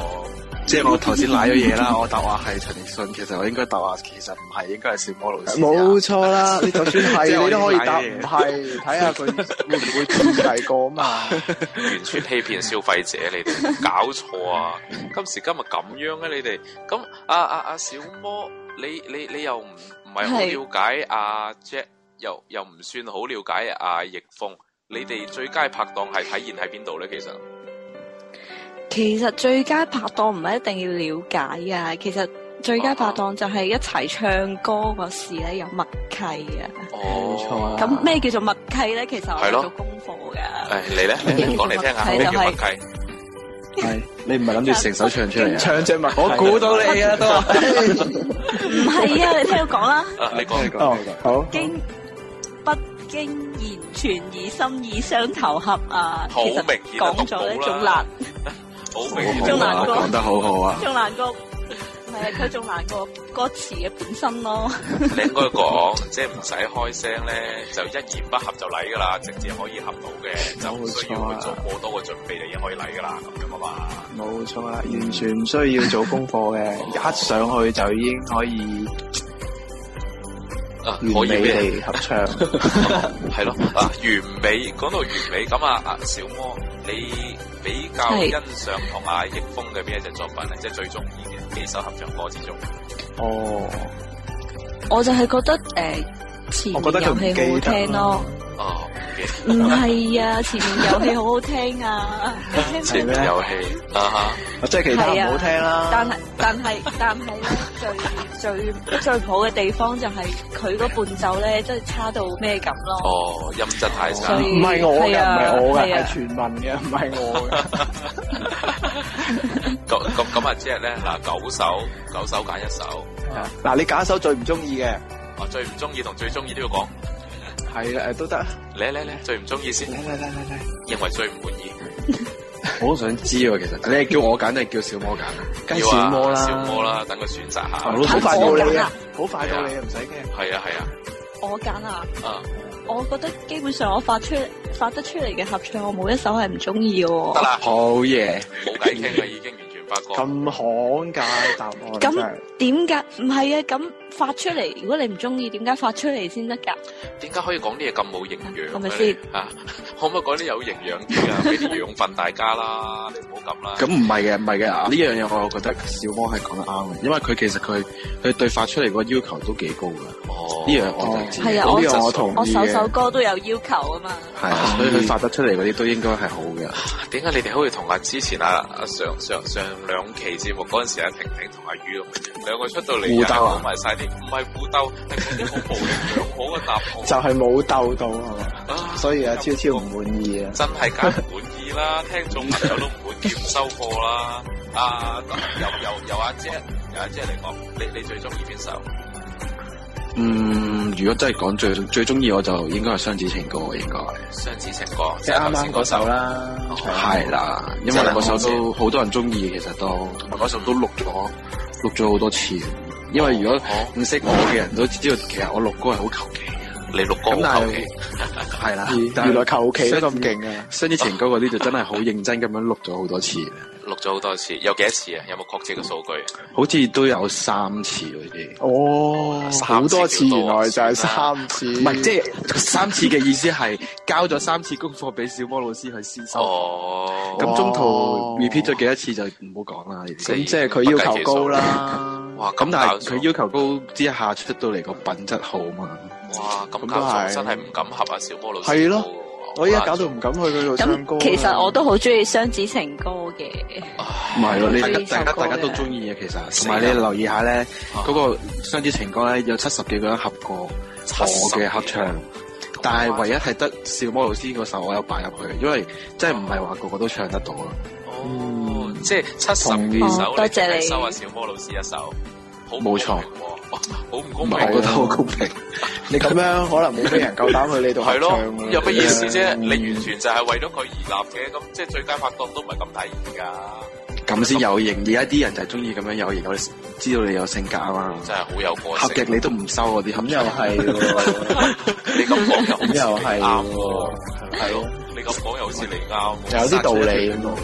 C: 即係我頭先瀨咗嘢啦。我答話係陳奕迅，其實我應該答話其實唔係，應該係小魔老師。冇錯啦，你就算係都 可以答唔係，睇下佢會唔會轉第二個嘛？
B: 完全欺騙消費者，你哋搞錯啊！ 今時今日咁樣嘅、啊、你哋咁阿阿阿小魔，你你你又唔唔係好了解阿、啊、Jack，又又唔算好了解阿、啊、易峰，你哋最佳拍檔係體現喺邊度咧？其實？
D: 其實最佳拍檔唔係一定要了解啊，其實最佳拍檔就係一齊唱歌個時咧有默契啊。哦，冇錯啊。咁咩叫做默契咧？其實我係做功課噶。係咯。做
C: 功課你咧講嚟聽下，咩、嗯、叫默契？係、就係、你唔係諗住成首唱出嚟啊？唱只默，我估到你啊 都說。唔
D: 係啊，你聽我講啦。
C: 你講你講好。
D: 經好好不經言傳，以心意相投合啊。其實了辣好明講咗呢種難。
F: 好美，明仲、啊、難過，講得好好啊，仲
D: 難過，唔係啊，佢仲難過歌詞嘅本身咯。
F: 你
B: 應該講， 即係唔使開聲咧，就一言不合就嚟噶啦，直接可以合到嘅，就唔需要去做過多嘅準備，你已經可以嚟噶啦，咁、啊、樣啊嘛。
C: 冇錯啊，完全唔需要做功課嘅， 一上去就已經可以
B: 可以俾你合唱，係、啊、咯、 哦，啊，完美，講到完美，咁啊，啊，小魔。你比較欣賞同阿易峰嘅邊一隻作品咧，即係最中意嘅幾首合唱歌之中。
D: 哦，我就係覺得誒、呃，前幾年嘅戲好聽咯。
B: 哦，
G: 唔係
D: 啊，前面遊戲好好聽啊！
G: 聽前面遊戲啊哈， 即係其實好聽啦、啊。 但
D: 係但係但係最最最唔好嘅地方就係佢嗰伴奏咧，真係差到咩咁咯？哦、
B: oh,，音質太差，唔係我嘅，唔係我嘅，係全民嘅，唔係我咁咁咁啊，即係咧嗱，九首九首揀一首，
C: 嗱、 啊、你揀一首最唔中意嘅，
B: 啊最唔中意同最中意都要講。
C: 係啦，誒都得。
B: 嚟你嚟，最唔中意先。嚟嚟嚟嚟嚟，認為最唔滿意。
C: 我好想知喎，其實。你係叫我揀定係叫小魔揀？梗係小魔啦、啊，小魔
B: 啦，等佢選擇下、哦。好快到你啊！好快到你啊，唔使驚。
C: 係啊係啊。
D: 我揀啊！啊，我覺得基本上我發出發得出嚟嘅合唱，我冇一首係唔中意喎。得啦，
C: 好嘢，冇偈傾啦，聊聊 已經完全發覺。咁罕噶，答案。咁
D: 點解唔係啊，咁。發出嚟，如果你唔中意，點解發出嚟先得
B: 噶點解可以講啲嘢咁冇營養？係咪先？吓、啊，可唔可以講啲有營養啲啊？俾啲養分大家啦，你唔好咁啦。
C: 咁唔係嘅，唔係嘅啊！呢樣嘢我覺得小魔係講得啱嘅，因為佢其實佢佢對發出嚟個要求都幾高噶。哦，呢、這、樣、個，我係啊，我、這個、我同我首首歌都有要求啊嘛。係啊，所以佢發得出嚟嗰啲都應該係好嘅。點、啊、解你哋可以同阿之前阿、啊、阿上
B: 上上兩期節目嗰陣時阿婷婷同阿宇雨兩個出到嚟，講埋晒唔係武鬥，你咁 好嘅答
C: 案就係、是，冇鬥到係嘛，所以阿、啊、超超唔滿意啊！真係梗唔滿
B: 意啦， 聽眾朋友都唔會欠收貨啦。啊，有由由阿姐，有阿姐嚟講，你你，你最中意邊首？
A: 嗯，如果真係講最最中意，我就應該係雙子情歌，應該雙子情歌，即係
C: 啱啱嗰首啦，係啦、哦，因為嗰首都好多人中意，其實都同埋嗰首都錄咗錄咗好多次。因為如果唔識我嘅人都知道，其實我錄歌係好求其。你錄歌咁求其，
A: 係啦， 原來求其都咁
C: 勁嘅。所以前歌嗰啲就真係好認真咁樣錄咗好多次。
B: 錄咗好多次，有幾多次啊？
C: 有冇確切嘅數據啊、嗯？好似都有三次嗰啲。哦，好多次原來就係三次。唔、啊、係，即係、就是、三次嘅意思係交咗三次功課俾小波老師去先收。哦，咁中途 repeat 咗幾多次就唔好講啦。咁、哦、即係佢要求高啦。哇！咁但係佢要求高之下出到嚟個品質好嘛？哇！咁都係真係唔敢合啊，小魔老師。係咯，我依家搞到唔敢去嗰度唱歌啦。咁其實
D: 我都好中意《雙子情歌》嘅 。
C: 唔係咯，你大家大家，大家都中
A: 意嘅其實。同埋你留意一下
C: 咧，嗰、啊嗰個《雙子情歌》咧有七十幾個人合過，我嘅合唱。個個但係唯一係得小魔老師嗰首我有擺入去，因為真係唔係話個個都唱得到咯。嗯、哦，即係七十幾首嚟，收
B: 阿小波老師一首，
C: 好冇錯、啊，好唔公平不、啊，我覺得好公平。 你咁樣可能冇咩人夠膽去呢度唱嘅、啊， 有乜意思啫、啊嗯？
B: 你完全就係為咗佢而立嘅，咁即係最佳拍檔都唔係咁睇。噶。
C: 咁先有型，而家啲人就係中意咁樣有型，我知道你有性格啊嘛，真係好有個性，合極你都唔收嗰啲。咁 又係，你咁講又又係啱，係咯，你
B: 咁講又似嚟啱，就有啲道理，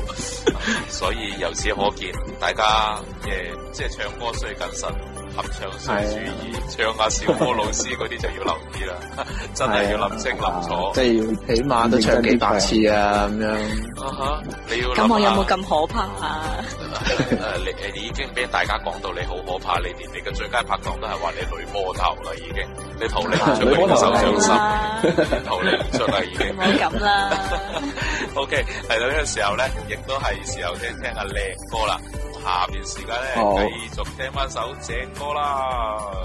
B: 所以由此可見， 大家嘅即係唱歌需要謹慎。合唱要注意、啊，唱下小柯老師嗰啲就要留意啦，真係要諗清諗楚，即係、啊就
C: 是、起碼都唱幾百次啊！咁、 啊、
D: 你
B: 要咁、啊、我有冇
D: 咁可怕啊？誒、 啊啊啊啊啊、
B: 你誒你、啊、已經俾大家講到你好可怕，你連你嘅最佳拍檔都係話你女魔頭啦，已經你逃離唔、啊啊、出，我受傷心，逃離唔出啦，已經唔好咁啦。 OK，嚟到呢個時候咧，亦都係時候聽聽下靚歌啦。下面時間咧，繼續聽返首正歌啦。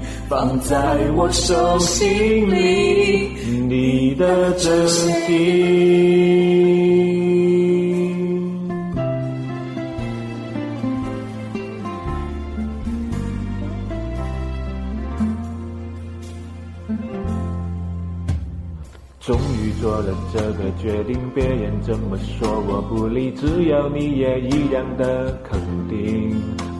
G: 放在我手心裏，你的真心。
F: 終於做了這個決定，別人怎麼說我不理，只要你也一樣的肯定。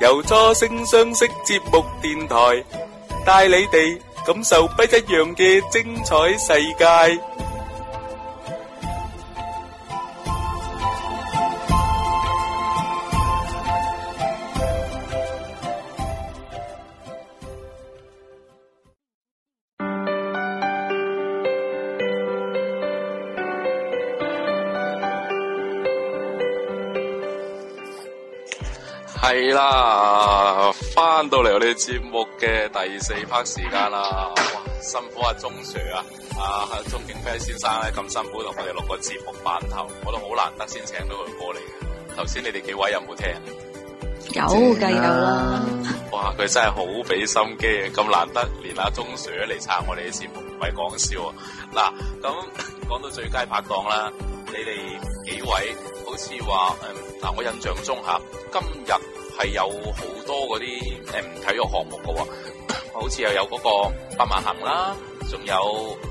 B: 由初星相識節目電台，帶你哋感受不一樣嘅精彩世界。係啦，翻到嚟我哋節目嘅第四 part 時間啦，哇，辛苦阿、啊、鍾 Sir 啊，阿鍾景輝先生咧，咁辛苦同我哋錄個節目版頭，我都好難得先請到佢過嚟。頭先你哋幾位有冇聽？有計到
D: 啦！
B: 哇，佢真係好俾心機啊！咁難得連阿、啊、鍾 Sir 嚟撐我哋啲節目，唔係講笑啊！嗱，咁講到最佳拍檔啦，你哋幾位好似話，誒、嗯，嗱、啊，我印象中吓今日。係有好多嗰啲誒、體育項目噶，好似又有嗰個百萬行啦，仲有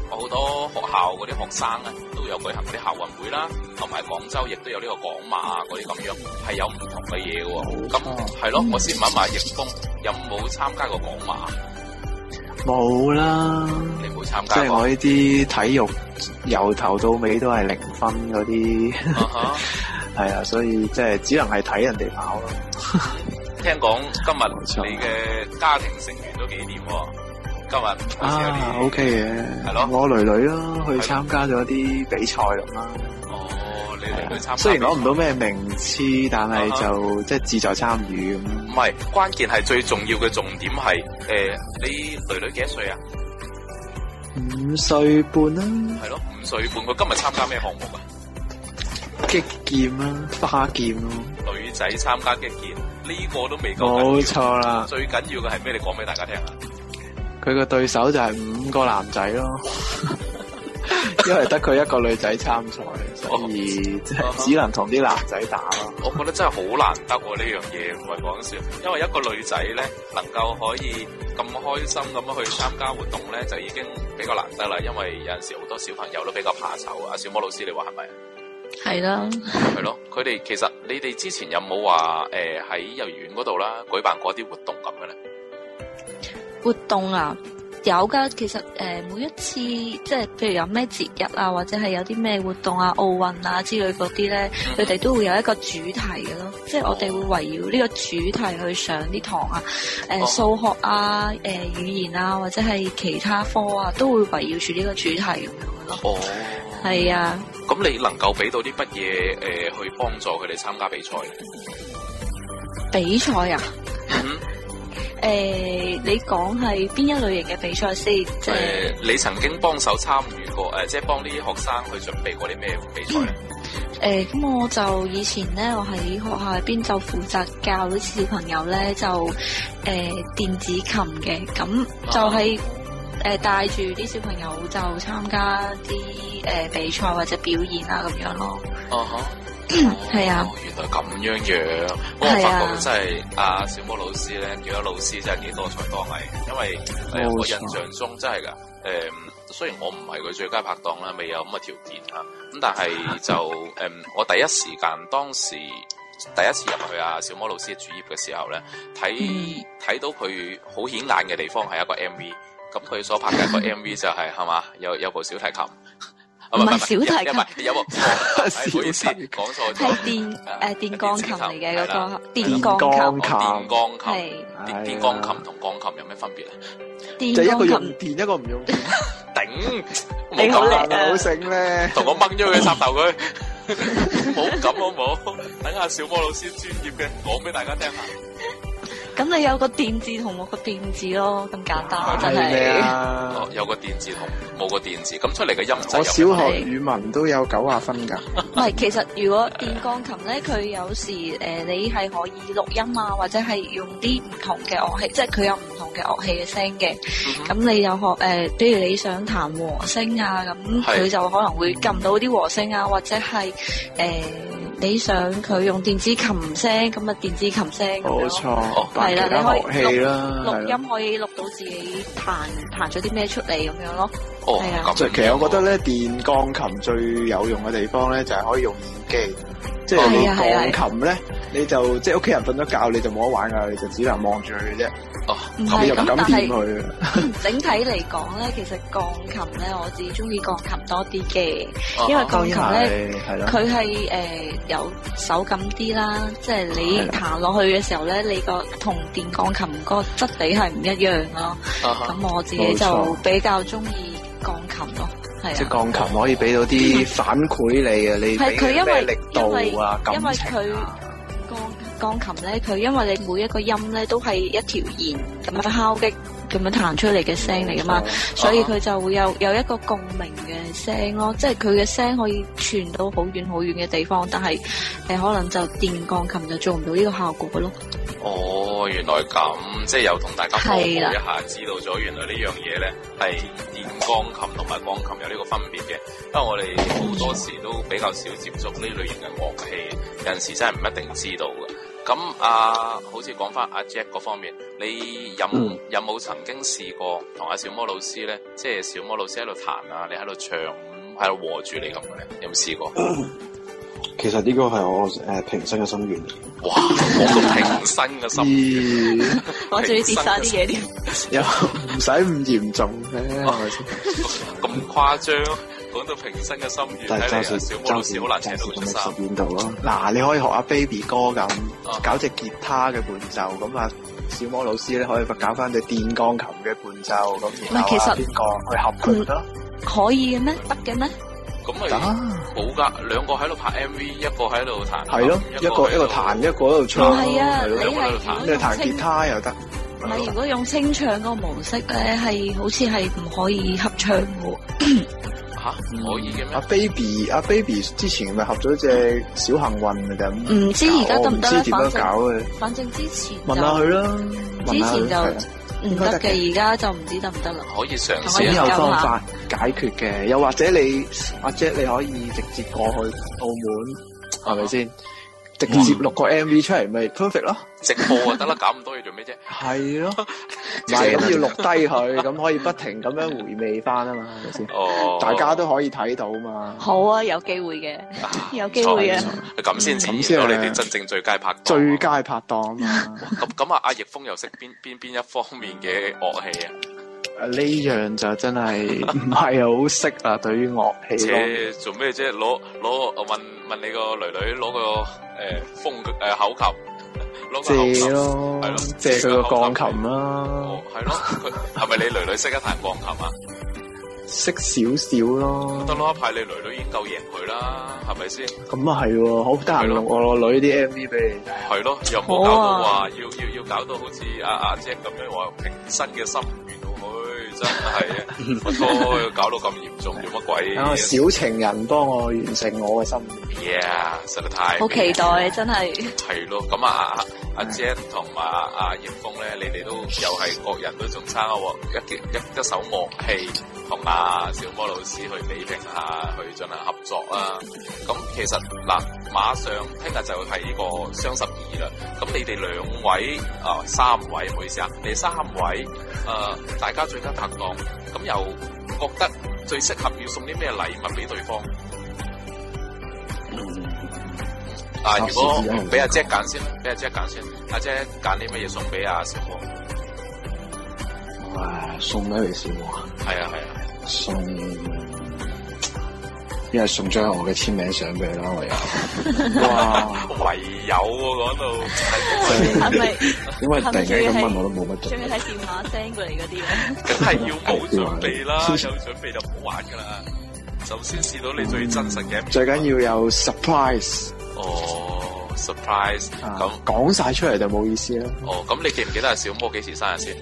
B: 好多學校嗰啲學生咧都有舉行嗰啲校運會啦，同埋廣州亦都有呢個廣馬嗰啲咁樣，係有唔同嘅嘢噶。咁係咯，我先問一下易峰，有冇參加過廣馬？
C: 冇、嗯、啦，你冇參加過即係我呢啲體育由頭到尾都係零分嗰啲。嗯 係啊，所以即係只能係睇人哋跑咯。
B: 聽講今日你嘅家庭成員都紀念，今日
C: 啊 OK 嘅，係咯，我女女咯去參加咗啲比賽咁啦。哦，
B: 你
C: 女女參、啊、雖然攞唔到咩名次，但係就即係、uh -huh. 志在參與。
B: 唔係關鍵係最重要嘅重點係，誒、呃，你女女幾歲啊？
C: 五歲半啦。係咯，
B: 五歲半。佢今日參加咩項目啊？
C: 擊劍啦，巴劍咯，
B: 女仔參加擊劍呢個都未講，冇錯啦。最緊要嘅係咩？你講俾大家聽啊！
C: 佢個對手就係五個男仔咯， 因為得佢一個女仔參賽， 所以、哦、只能同啲男仔打咯、哦哦。
B: 我覺得真係好難得呢樣嘢，唔係講笑。因為一個女仔咧，能夠可以咁開心咁樣去參加活動咧，就已經比較難得啦。因為有陣時好多小朋友都比較怕醜啊。小魔老師，你話係咪？
D: 係咯，
B: 係咯，佢哋其實你哋之前有冇話誒喺幼兒園嗰度啦舉辦過啲活動咁嘅咧？
D: 活動啊！有噶，其實誒、呃，每一次即係譬如有咩節日啊，或者係有啲咩活動啊、奧運啊之類嗰啲咧，佢哋 Mm-hmm. 都會有一個主題嘅咯。即係我哋會圍繞呢個主題去上啲堂啊，
B: 誒，Oh. 呃，數
D: 學啊，誒、呃，語言啊，或者係其他科啊，都會圍繞住呢個主題咁樣
B: 咯。哦，係啊。咁你能夠俾到啲乜嘢誒去幫助佢哋參加比賽？
D: 比賽啊？Mm-hmm. 誒、呃，你講係邊一類型嘅比賽先？誒、即係呃，
B: 你曾經幫手參與過誒，即、呃、係、即係、幫啲學生去準備過啲咩比賽？誒、
D: 呃，咁、嗯、我就以前咧，我喺學校入邊就負責教啲小朋友咧，就誒、呃、電子琴嘅，咁就係誒帶住啲小朋友就參加啲誒、呃、比賽或者表演啊咁樣咯。哦、呃。呃係、嗯、啊！
B: 原來咁樣樣、啊，我發覺真係阿、啊、小魔老師咧，幾多老師真係幾多才多藝，因為喺我印象中真係噶。誒、嗯，雖然我唔係佢最佳拍檔啦，未有咁嘅條件啊。咁但係就誒、嗯，我第一時間，當時第一次入去阿小魔老師嘅主頁嘅時候咧，睇睇、嗯、到佢好顯眼嘅地方係一個 MV，咁佢所拍嘅一個 MV 就係係嘛，有有部小提琴。唔係小提琴，有冇？小提琴講錯咗，係、 哎、
D: 電誒電鋼琴嚟嘅嗰個電鋼琴，鋼、嗰個、琴
B: 電鋼琴、哦、電鋼琴同鋼琴，琴有咩分別啊？
D: 電鋼琴一個用
C: 電，一個唔用電。
B: 頂 你講得好醒咧，同我掹咗佢插頭佢，好咁好唔好？等下小波老師專業嘅講俾大家聽下。
D: 咁你有個電子同冇個電子咯，咁簡單、啊、真係。
B: 有個電子同冇個電子，咁出嚟嘅音質。我小學語
C: 文都有九啊分㗎。唔
D: 係，其實如果電鋼琴咧，佢有時、呃、你係可以錄音啊，或者係用啲唔同嘅樂器，即係佢有唔同嘅樂器嘅聲嘅。咁、嗯、你又學誒、呃，比如你想彈和聲啊，咁佢就可能會撳到啲和聲啊，或者係誒。呃你想佢用電子琴聲，咁啊電子琴聲，
C: 冇錯，係、哦、啦，你可以錄啦，錄音
D: 可以錄到自己彈彈咗啲咩出嚟咁、哦、樣咯，係啊。其實我
C: 覺得咧，電鋼琴最有用嘅地方咧，就係可以用耳機。係啊，係啊！鋼琴咧，你就即係屋企人瞓咗覺，你就冇得玩噶，你就只能望住佢嘅啫。哦，唔係，又唔敢掂佢
D: 整體嚟講咧，其實鋼琴咧，我自己中意鋼琴多啲嘅，啊，因為鋼琴咧，佢係、啊啊呃、有手感啲啦，即、就、係、是、你彈落去嘅時候咧、啊，你個同電鋼琴個質地係唔一樣咯。咁、啊、我自己就比較中意鋼琴咯。即係鋼琴
C: 可以俾到啲反饋你嘅，你俾咩力度啊？感情啊？因為佢
D: 鋼鋼琴咧，佢因為你每一個音咧都係一條弦咁樣敲擊。咁樣彈出嚟嘅聲嚟噶嘛，所以佢就會有有一個共鳴嘅聲咯，即係佢嘅聲可以傳到好遠好遠嘅地方，但係誒、呃、可能就電鋼琴就做唔到呢個效果㗎咯。哦，
B: 原來咁，即係又同大家科普一下，知道咗原來這件事呢樣嘢咧係電鋼琴同埋鋼琴有呢個分別嘅，因為我哋好多時都比較少接觸呢類型嘅樂器，有陣時真係唔一定知道嘅。咁啊，好似講返阿 Jack 嗰方面，你有、嗯、有冇曾經試過同阿小魔老師咧，即、就、係、是、小魔老師喺度彈啊，你喺度唱，喺度和住你咁嘅咧？有冇試過？
C: 其實呢個係我、呃、平生嘅心願。哇，我到平生嘅心願，我仲要跌曬啲嘢添， 又唔使咁嚴重嘅，
B: 咁、 哦、 誇張。講到平生嘅心願，睇下小魔老師好
C: 難到咁嘅十咯。嗱、啊，你可以學阿 Baby 哥咁，搞隻吉他嘅伴奏。咁啊，小魔老師咧可以搞翻隻電鋼琴嘅伴奏。咁唔係，其實邊個去合佢得，嗯？
D: 可以嘅咩？得嘅咩？咁咪得？
C: 好噶，兩個喺度拍 MV，一個喺度彈，係咯，一個一個彈，一個喺度唱，係啊！兩個喺度彈，你彈吉他又得。
D: 唔係如果用清唱個模式咧，係好似係唔可以合唱
C: 吓，唔可以嘅？阿 Baby 阿 Baby 之前咪合咗隻小幸運咁，唔知而家得唔得？點樣搞嘅？
D: 反正之前問下佢啦，之前就唔得嘅，而家就唔知得唔得啦。可以
C: 嘗試有方法解決嘅，嗯，又或者你，嗯、或者你可以直接過去澳門，係咪先？是直接錄個 MV 出嚟咪 perfect 咯，直播啊得啦，
B: 搞咁多嘢做咩啫？
C: 係咯、啊，唔係咁要錄低佢，咁 可以不停咁樣回味返啊嘛，係咪先？哦，大家都可以睇到嘛。
D: 好啊，有機會嘅， 有機會
C: 嘅。咁先顯示到你哋真正最佳拍檔。最佳拍檔
D: 啊嘛，
B: 咁 咁啊，阿易峰又識邊邊邊一方面嘅樂器啊？
C: 呢樣就真係唔係好識啊！ 對於樂器借
B: 做咩啫？攞攞我問問你個女女攞個誒風誒口琴，借咯，係
F: 咯，借佢個鋼琴啦、啊。哦，
B: 係咯，係 咪你女女識得彈鋼琴
C: 啊？識少少咯，
B: 得啦，派你女女已經夠贏佢啦，係咪先？
C: 咁啊係，好得閒用我女啲 M
B: V 俾你，係咯，又冇搞到話、啊哦、要要要搞到好似阿阿姐咁樣話平身嘅心願，好。 真
C: 係，不過搞到咁嚴重，要乜鬼？啊，小情人幫我完成我嘅心
B: 願。Yeah，實在太好期待，真係。係咯，咁、yeah. 啊，阿阿 Jean 同埋阿阿葉峰咧，你哋都又係各人都仲差啊。一件一一手樂器同阿小魔老師去比拼一下，去進行合作啊。咁其實嗱。啊馬上聽日就係呢個雙十二啦，咁你哋兩位啊、哦、三位，唔好意思啊，你哋三位，誒、呃、大家最得拍檔，咁又覺得最適合要送啲咩禮物俾對方？嗯，如果，俾阿姐揀先，俾阿姐揀先，阿姐揀啲乜嘢送俾阿小王？
C: 啊，送俾你小王？
A: 啊係啊係啊，送。一係送張我嘅簽名相俾佢啦，唯有。哇，
B: 唯有度、啊、 真是 因
C: 為突然間喎講到，我都冇乜準
D: 備睇電話 send 過嚟嗰啲梗係要
C: 冇準
B: 備啦，有 準備就唔好玩噶啦。
C: 首先試到你最真實嘅、嗯。最緊要有 surprise。
B: 哦，surprise。
C: 咁講晒出嚟就冇意思啦。
B: 哦，咁你記唔記得阿小魔幾時生日先？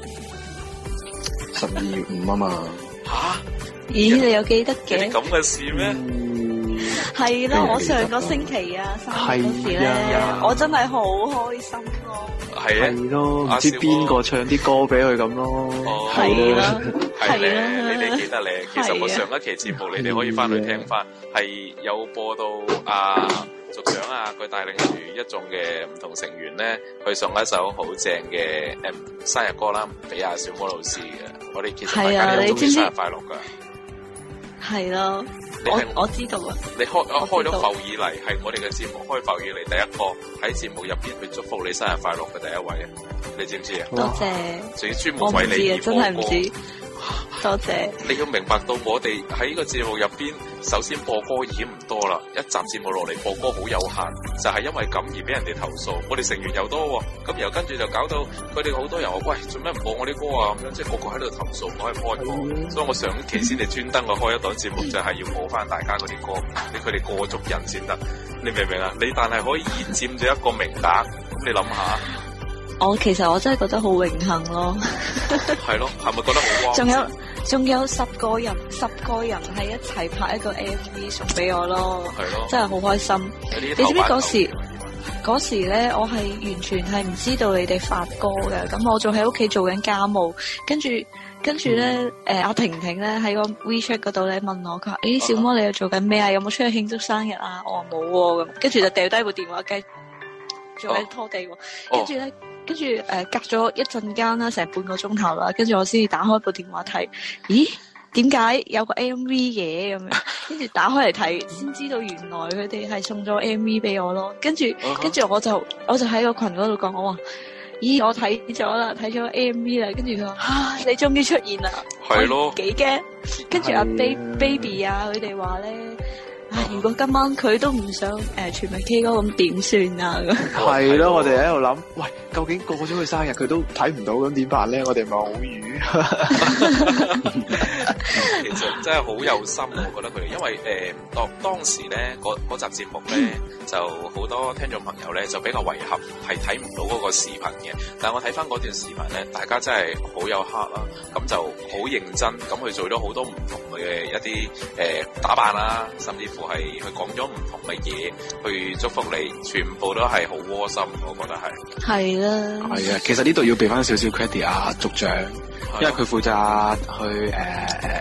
C: 十二
A: 月五啊嘛。吓？
D: 咦，你有
F: 記得嘅？咁嘅事咩？係、嗯、咯、嗯，我上個星
D: 期啊，生日嗰時咧，我真係好開
C: 心咯、啊。係咯，唔、啊、知邊個、啊、唱啲歌俾佢咁咯？係啦、啊，係、哦、啦。
E: 你
B: 哋記得你。其實我上一期節目，你哋可以翻去聽翻，係有播到啊，族長啊，佢帶領住一眾嘅唔同成員咧，去送一首好正嘅誒生日歌啦，俾阿小波老師嘅。我哋其實大家都生日快樂㗎。係咯，我你我知道啊！你開我開咗埠以嚟，係我哋嘅節目開埠以嚟第一個喺節目入邊去祝福你生日快樂嘅第一位啊！你知唔知啊？多謝，專專門為知你而播。真係唔知多謝。你要明白到我哋喺呢個節目入邊，首先播歌已經唔多啦，一集節目落嚟播歌好有限，就係因為咁而俾人哋投訴。我哋成員又多，咁然後跟住就搞到佢哋好多人話：喂，做咩唔播我啲歌啊？咁樣即係個個喺度投訴唔可以播，所以我上期先你專登我開一檔節目，就係要播翻大家嗰啲歌，俾佢哋過足癮先得。你明唔明啊？你但係可以佔住一個名額，咁你諗下。
D: 我其實我真係覺得好榮幸咯 ，
B: 係咯，係咪覺得好榮幸？仲有
D: 仲有十個人十個人喺一齊拍一個 MV 送俾我咯，係咯，真係好開心。
E: 這頭頭你知唔知嗰時
D: 嗰時咧，我係完全係唔知道你哋發歌嘅，咁我仲喺屋企做緊家務，跟住跟住咧，誒、嗯、阿、啊、婷婷咧喺個 WeChat 嗰度咧問我，佢話：誒、欸、小魔你又做緊咩啊？有冇出去慶祝生日啊？我話冇喎，咁跟住就掉低部電話機，繼、啊拖地跟住咧，跟住誒，隔咗一陣間啦，成半個鐘頭啦，跟住我先至打開部電話睇，咦？點解有個 M V 嘅咁樣？跟住打開嚟睇，先 知道原來佢哋係送咗 M V 俾我咯。跟住，跟、uh、住 -huh. 我就我就喺個群嗰度講，我話：咦，我睇咗啦，睇咗 M V 啦。跟住佢話：啊，你終於出現啦！係 咯，幾驚？跟住阿 Baby 啊，佢哋話咧。如果今晚佢都唔想誒全民 K 歌，咁點算啊？咁
C: 係咯，我哋喺度諗，喂，究竟個個想佢生日，佢都睇唔到，咁點辦咧？我哋冇語。
E: 其實
B: 真係好有心，我覺得佢哋，因為誒當、呃、當時咧嗰集節目咧，就好多聽眾朋友咧就比較遺憾係睇唔到嗰個視頻嘅。但係我睇翻嗰段視頻咧，大家真係好有 heart 啦，咁就好認真咁去做咗好多唔同嘅、一啲誒、呃、打扮啦，甚至乎係佢講咗唔同嘅嘢，去祝福你，全部都係好窩心，我覺得係
D: 係啦，係啊，其
C: 實呢度要俾翻少少 credit 啊，族長，因為佢負責去誒。呃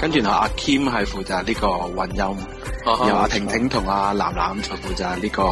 C: 跟住阿阿 Kim 係負責呢個混音，然、啊、阿婷婷同阿楠楠就負責呢個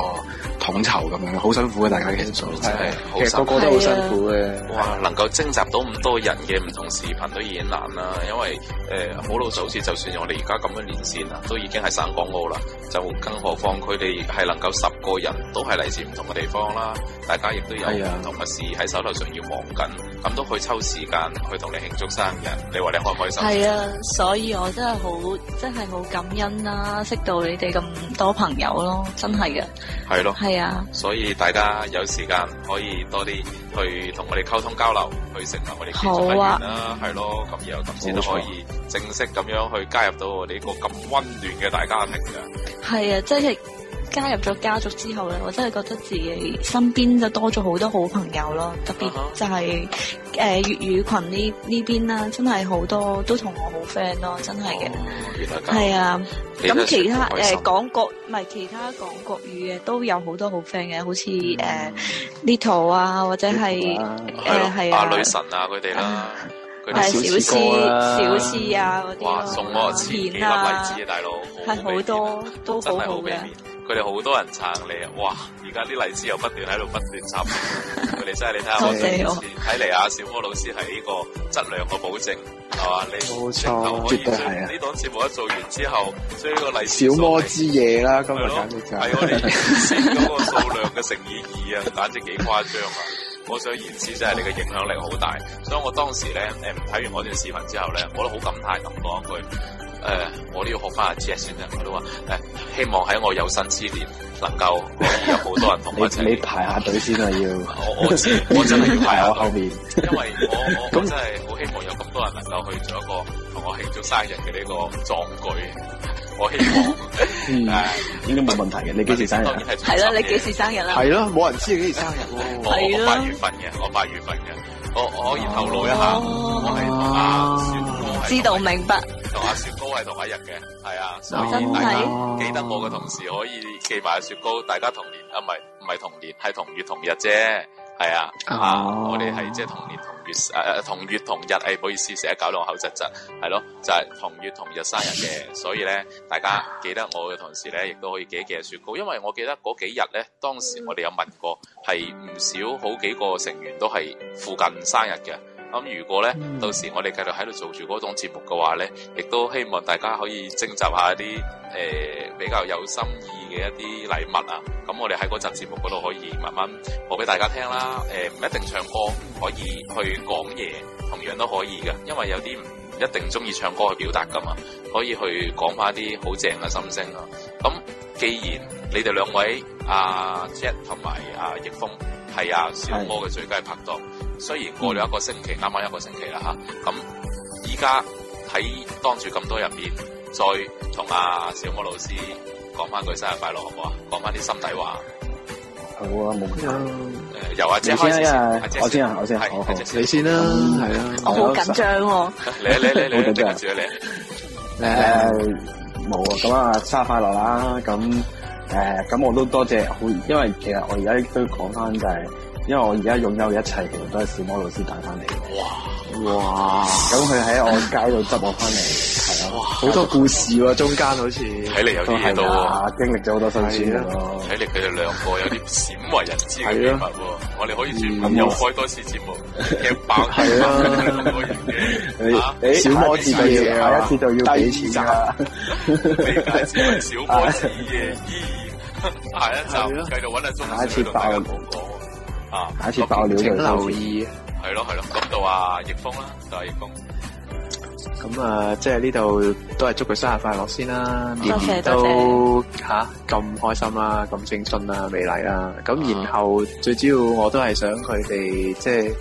C: 統籌咁樣，好辛苦嘅，大家其實真係，其實個個都好辛苦嘅、
B: 啊。哇，啊、能夠徵集到咁多人嘅唔同視頻都已經難啦，因為誒好、呃、老早，好似就算我哋而家咁樣連線啦，都已經係省港澳啦，就更何況佢哋係能夠十個人都係嚟自唔同嘅地方啦，大家亦都有唔同嘅事喺手頭上要忙緊，咁、啊、都去抽時間去同你慶祝生日，你話你開唔開心？係啊，
D: 所以我真係好，真係好感恩啦！識到你哋咁多朋友咯，真係嘅。
B: 係咯。係啊。所以大家有時間可以多啲去同我哋溝通交流，去成為我哋嘅會員啦。係咯，咁然後咁先都可以正式咁樣去加入到我哋呢個咁溫暖嘅大家庭嘅。
D: 係啊，即係。加入咗家族之後咧，我真係覺得自己身邊就多咗好多好朋友咯，特別就係誒粵語群呢呢邊啦，真係好多都同我好 friend 咯，真係嘅。
E: 係、哦、
D: 啊，咁其他誒講、呃、國唔係其他講國語嘅都有好多好 friend 嘅，好似誒 Little 啊，或者係誒係啊，女
E: 神啊佢哋啦，嗰
B: 啲小詩
D: 小詩啊嗰啲咯，面啊，係好多都好好嘅、啊。
B: 佢哋好多人撐你啊！哇，而家啲荔枝又不斷喺度不斷插，佢 哋真係你睇下我哋睇嚟啊，小魔老師係呢個質量嘅保證，
C: 係嘛？冇錯，絕對
B: 呢檔節目一做完之後，所以呢個荔枝小魔
C: 之夜啦，今日簡我哋係嗰個數
B: 量嘅乘以二啊， 簡直幾誇張啊！我想言之，就係你嘅影響力好大， 所以我當時咧誒睇完我段視頻之後咧，我都好感嘆咁講一句。誒、呃，我都要學翻下知識先啦。我都話誒，希望喺我有生之年能夠，能夠有好多人同我一齊。你
C: 排下隊先啊，要 我我，我真我真係要排喺後面，因為我
B: 我， 我真係好希望有咁多人能夠去做一個同我慶祝生日嘅呢個壯舉。我希望，嗯，
C: 應該冇問題嘅、嗯。你幾時生日、啊？係啦，你幾
D: 時生日啦？
C: 係咯，冇人知你幾時生日、啊、 我八 月份嘅，我八月份嘅，我我可以透露一下，啊、
D: 我係、啊啊啊啊啊、知道我明白。
B: 同阿雪糕係同一日嘅。
D: 係啊，所以
B: 大家記得我嘅同時可以記埋阿雪糕，大家同年，不是不是年是童童是啊，唔係唔係同年，係同月同日啫，係啊，啊，我哋係即係同年同月，誒誒，同月同日，誒、哎，唔好意思，成日搞到我口窒窒，係咯、啊，就係、是、同月同日生日嘅， 所以咧，大家記得我嘅同時咧，亦都可以記一記阿雪糕，因為我記得嗰幾日咧，當時我哋有問過，係唔少好幾個成員都係附近生日嘅。咁、嗯、如果咧，到時我哋繼續喺度做住嗰種節目嘅話咧，亦都希望大家可以徵集下一啲誒、呃、比較有心意嘅一啲禮物啊。咁、嗯、我哋喺嗰集節目嗰度可以慢慢播俾大家聽啦。誒、呃、唔一定唱歌，可以去講嘢，同樣都可以嘅。因為有啲唔一定中意唱歌去表達噶嘛，可以去講翻一啲好正嘅心聲啊。咁、嗯、既然你哋兩位阿 Jet 同埋阿易峰係啊小波嘅最佳拍檔。雖然過咗、嗯、一個星期，啱啱一個星期啦吓，咁依家，喺當住咁多入面，再同阿小魔老師講翻句生日快樂好唔好啊？講翻啲心底話。
C: 好啊，冇啊。誒、嗯、
E: 呃，
B: 由
C: 阿姐開始先。先啊啊、姐姐我先啊，我先啊。
D: 你先
C: 啦，係啊。我，我好緊張。你你你你。好緊張。誒，冇啊，咁啊，生日快樂啦！咁誒、咁、呃、我都多謝、謝，好，因為其實我而家都要講翻就係、是。因為我而家擁有一切，其實都係小魔老師帶翻嚟
E: 嘅。
C: 哇！哇！咁佢喺我街度執我翻嚟，係啊，好多故事喎、啊，中間好似睇嚟有啲度喎，經歷咗好多新鮮嘢咯。
B: 睇嚟佢哋兩個有啲鮮為人知嘅秘密喎。我哋可以做咁又開多次節目，踢爆佢啊。小魔子嘅嘢，下、啊、一次就要幾錢啊？小魔子
C: 嘅
B: 下一集繼續揾阿鐘少同佢講
C: 啊！下一次爆料就留、啊、意，
B: 係咯係咯。咁到阿、啊、葉峰啦，就係葉峰。
C: 咁啊、呃，即係呢度都係祝佢生日快樂先啦，年年都吓咁、啊、開心啦、啊，咁青春啦、啊，美麗啦、啊。咁然後最主要我都係想佢哋，即係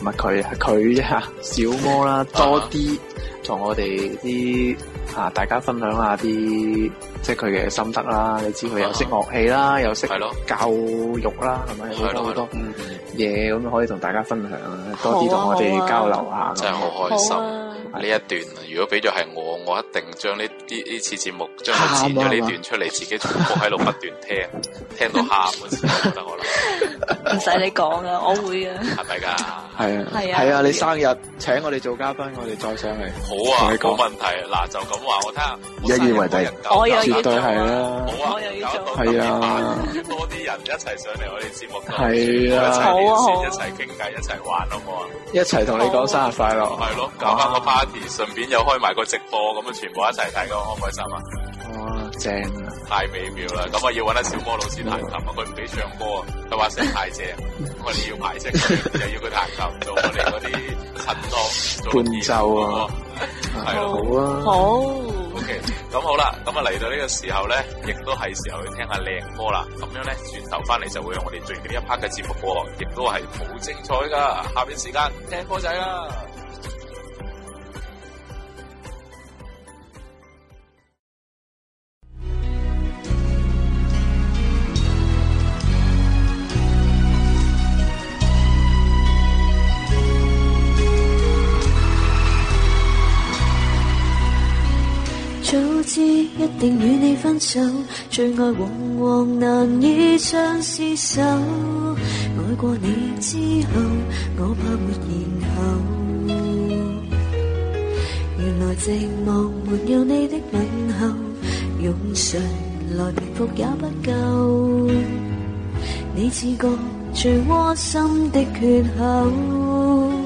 C: 唔係佢佢一下小魔啦，嗯、多啲同、uh -huh. 我哋啲。啊！大家分享下啲即係佢嘅心得啦，你知佢又識樂器啦，又識係咯教育啦，係咪？好多好多嗯嘢，咁可以同大家分享啊！多啲同我哋交流下，真係好開心
B: 呢一段啊！如果俾咗係我，我一定將呢啲呢次節目將佢剪咗呢段出嚟，自己坐喺度不斷聽， 聽到喊嗰時，我
D: 唔使你講
C: 啦、啊，我會是是 啊。係咪噶？係啊，係啊，你生日請我哋做嘉賓，我哋再上嚟。好啊，冇
B: 問題。嗱，就咁話我聽，
G: 一
C: 言為定，絕對係啦。好啊，我又要做。係 啊，要
E: 多
B: 啲人一齊上嚟，我哋節目係啊，好啊，一齊傾偈，一齊玩，好唔好
C: 啊？一齊同你講生日快樂，係咯，搞翻
B: 個 party，順、啊、便又開埋個直播，咁啊，全部一齊睇，咁開唔開心啊？正太、啊、美妙啦，咁啊要揾阿小魔老師彈琴啊，佢唔俾唱歌啊，佢話聲太正， 我哋要排斥又 要佢彈琴做我哋嗰啲襯托伴奏啊，係、啊、咯、啊啊、好啊好，
C: 啊好，OK，
B: 咁好啦，咁啊嚟到呢個時候咧，亦都係時候去聽一下靚歌啦，咁樣咧轉頭翻嚟就會有我哋最近呢一 part 嘅節目咯，亦都係好精彩噶，下面時間
F: 聽歌仔啦。
D: 知一定與你分手，
G: 最愛往往難以相廝守。愛過你之後，我怕沒然後。
D: 原來寂寞沒有你的問候，用誰來平復也不夠。你自覺最窩
G: 心的缺口。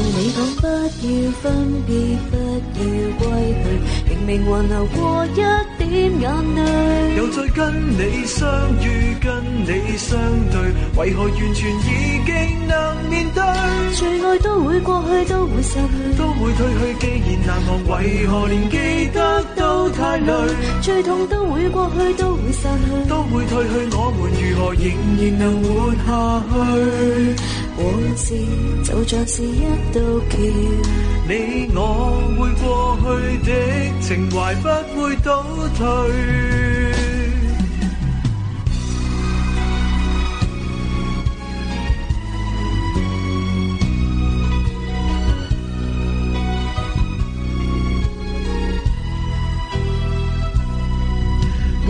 G: 你講
E: 不要分別，不要
D: 歸去，明明還流過一點眼淚。
G: 又再跟你相遇，跟你相對，為何完全已經能面對？最愛都會過去，都會散去，都會退去。既然難忘，為何連記得都太累？最痛都會過去，都會散去，都會退去。我們如何仍然能活下去？往事就像是一道橋，你我會過去的，情懷不會倒退。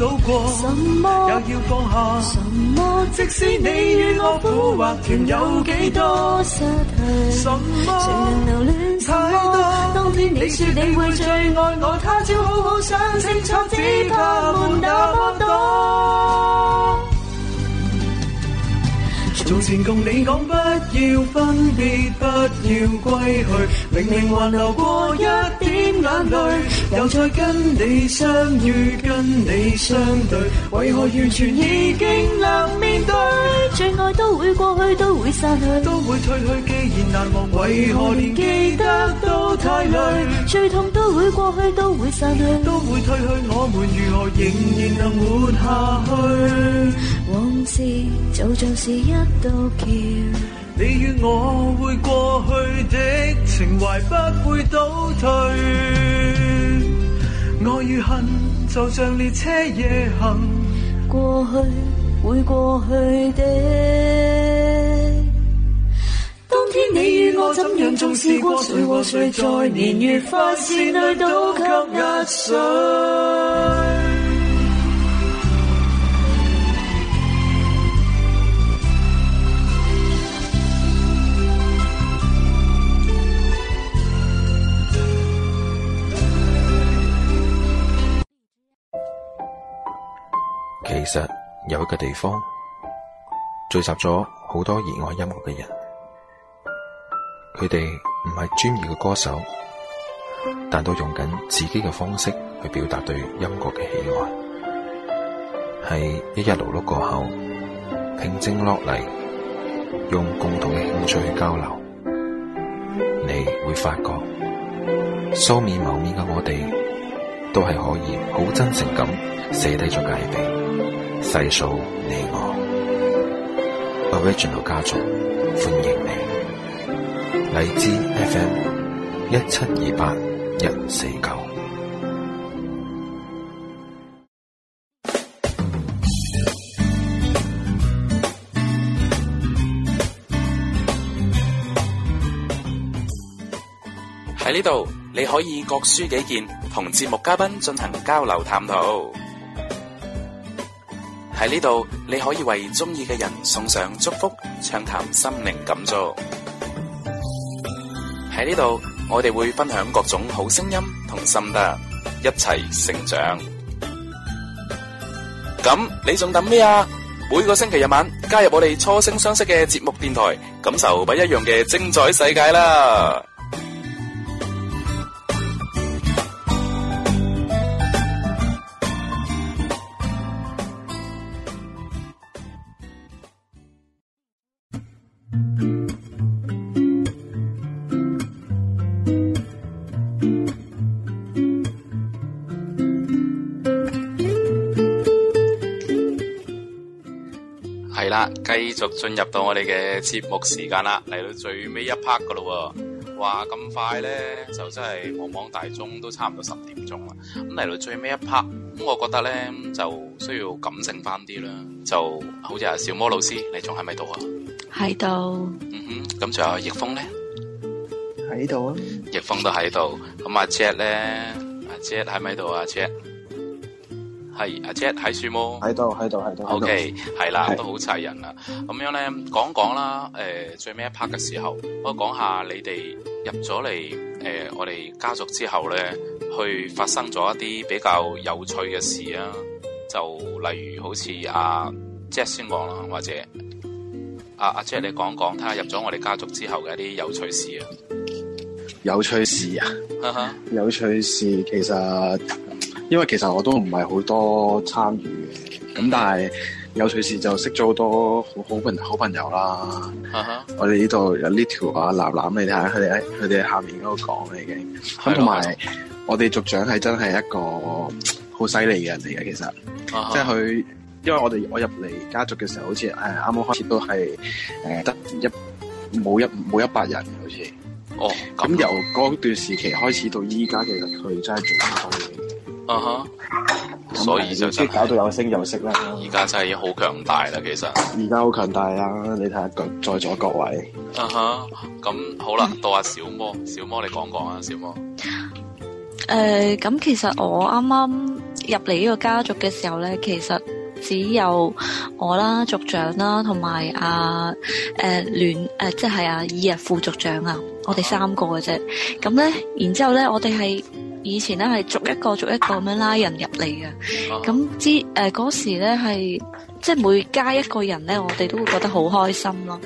G: 到過什麼也要放下什麼，即使你與我苦或甜有幾多失去什麼，誰能留戀太多？當天你說你，你會最愛我，他朝好好想清楚，只怕沒那麼多。從前共你講，不要分別，不要歸去，明明還流過一點眼淚，又再跟你相遇，跟你相對，為何完全已經難面對？最愛都會過去，都會散去，都會褪去。既然難忘，為何連記得都太累？最痛都會過去，都會散去，都會褪去。我們如何仍然能活下去？往事就像是一。都叫你與我會過去的情懷不會倒退，愛與恨就像列車夜行，過去會過去的。當天你與我怎樣重視過，誰和誰在年月發現內都給壓碎。
A: 其實有一個地方聚集咗好多熱愛音樂嘅人，佢哋唔係專業嘅歌手，但都用緊自己嘅方式去表達對音樂嘅喜愛，係 一日勞碌過後平靜落嚟，用共同嘅興趣去交流，你會發覺素未謀面嘅我哋。都係可以好真誠咁寫低咗戒備，細數你我，Original 家族歡迎你，荔枝 FM 一七二八一四九。
B: 喺呢度你可以各抒己見。同節目嘉賓進行交流探討，喺呢度你可以為鍾意嘅人送上祝福，暢談心靈感觸。喺呢度，我哋會分享各種好聲音同心得，一齊成長。咁你仲等咩啊？每個星期日晚加入我哋初聲相識嘅節目電台，感受不一樣嘅精彩世界啦！繼續進入到我哋嘅節目時間啦，嚟到最尾一 part 噶咯，哇，咁快咧，就真係望望大鐘都差唔多十點鐘啦。咁嚟到最尾一 part，咁我覺得咧就需要感性翻啲啦，就好似阿小魔老師，你仲喺咪度啊？
C: 喺度。
B: 嗯哼，咁仲有易峰咧？
C: 喺度啊。
B: 易峰都喺度。咁阿 Jack 咧，阿 Jack 喺咪度啊 Jack？係阿 Jet 喺樹冇，
A: 喺度喺度喺度。OK，
B: 係啦，都好齊人啦。咁樣咧，講講啦。誒、呃，最尾一 part 嘅時候，我講下你哋入咗嚟誒，我哋家族之後咧，去發生咗一啲比較有趣嘅事啊。就例如好似阿 Jet 先講啦，或者阿阿 Jet 你講講睇下入咗我哋家族之後嘅一啲有趣事啊。
C: 有趣事啊，uh-huh. 有趣事其實。因為其實我都唔係好多參與嘅，咁但係有隨時就識咗好多好好朋好朋友啦。
A: Uh -huh. 我
C: 哋呢度有呢條啊，藍藍你睇下佢哋喺佢哋下面嗰度講嚟嘅。咁同埋我哋族長係真係一個好犀利嘅人嚟嘅，其實。
E: Uh
B: -huh. 即係佢，
C: 因為我哋我入嚟家族嘅時候，好似啱啱開始都係誒得一冇一冇一百人好似。哦。咁由嗰段時期開始到依家，其實佢真係做
B: 啊、uh、哈 -huh. 嗯！所以就即係搞到
C: 有聲有色啦。而
B: 家真係好強大啦，其實。
C: 而家好強大啦，
D: 你睇下，各在座各位。啊、
B: uh、哈 -huh.！咁好啦、嗯，到阿小魔，小魔你講講啊，小魔。
D: 誒、呃，咁其實我啱啱入嚟呢個家族嘅時候咧，其實只有我啦，族長啦，同埋阿誒暖誒，即係阿二啊，啊啊就是、啊二日副族長啊、uh -huh.，我哋三個嘅啫。咁咧，然之後咧，我哋係。以前咧，係逐一個逐一個咁樣拉人入嚟嘅，咁之誒嗰時咧係即係每加一個人咧，我哋都會覺得好開心咯。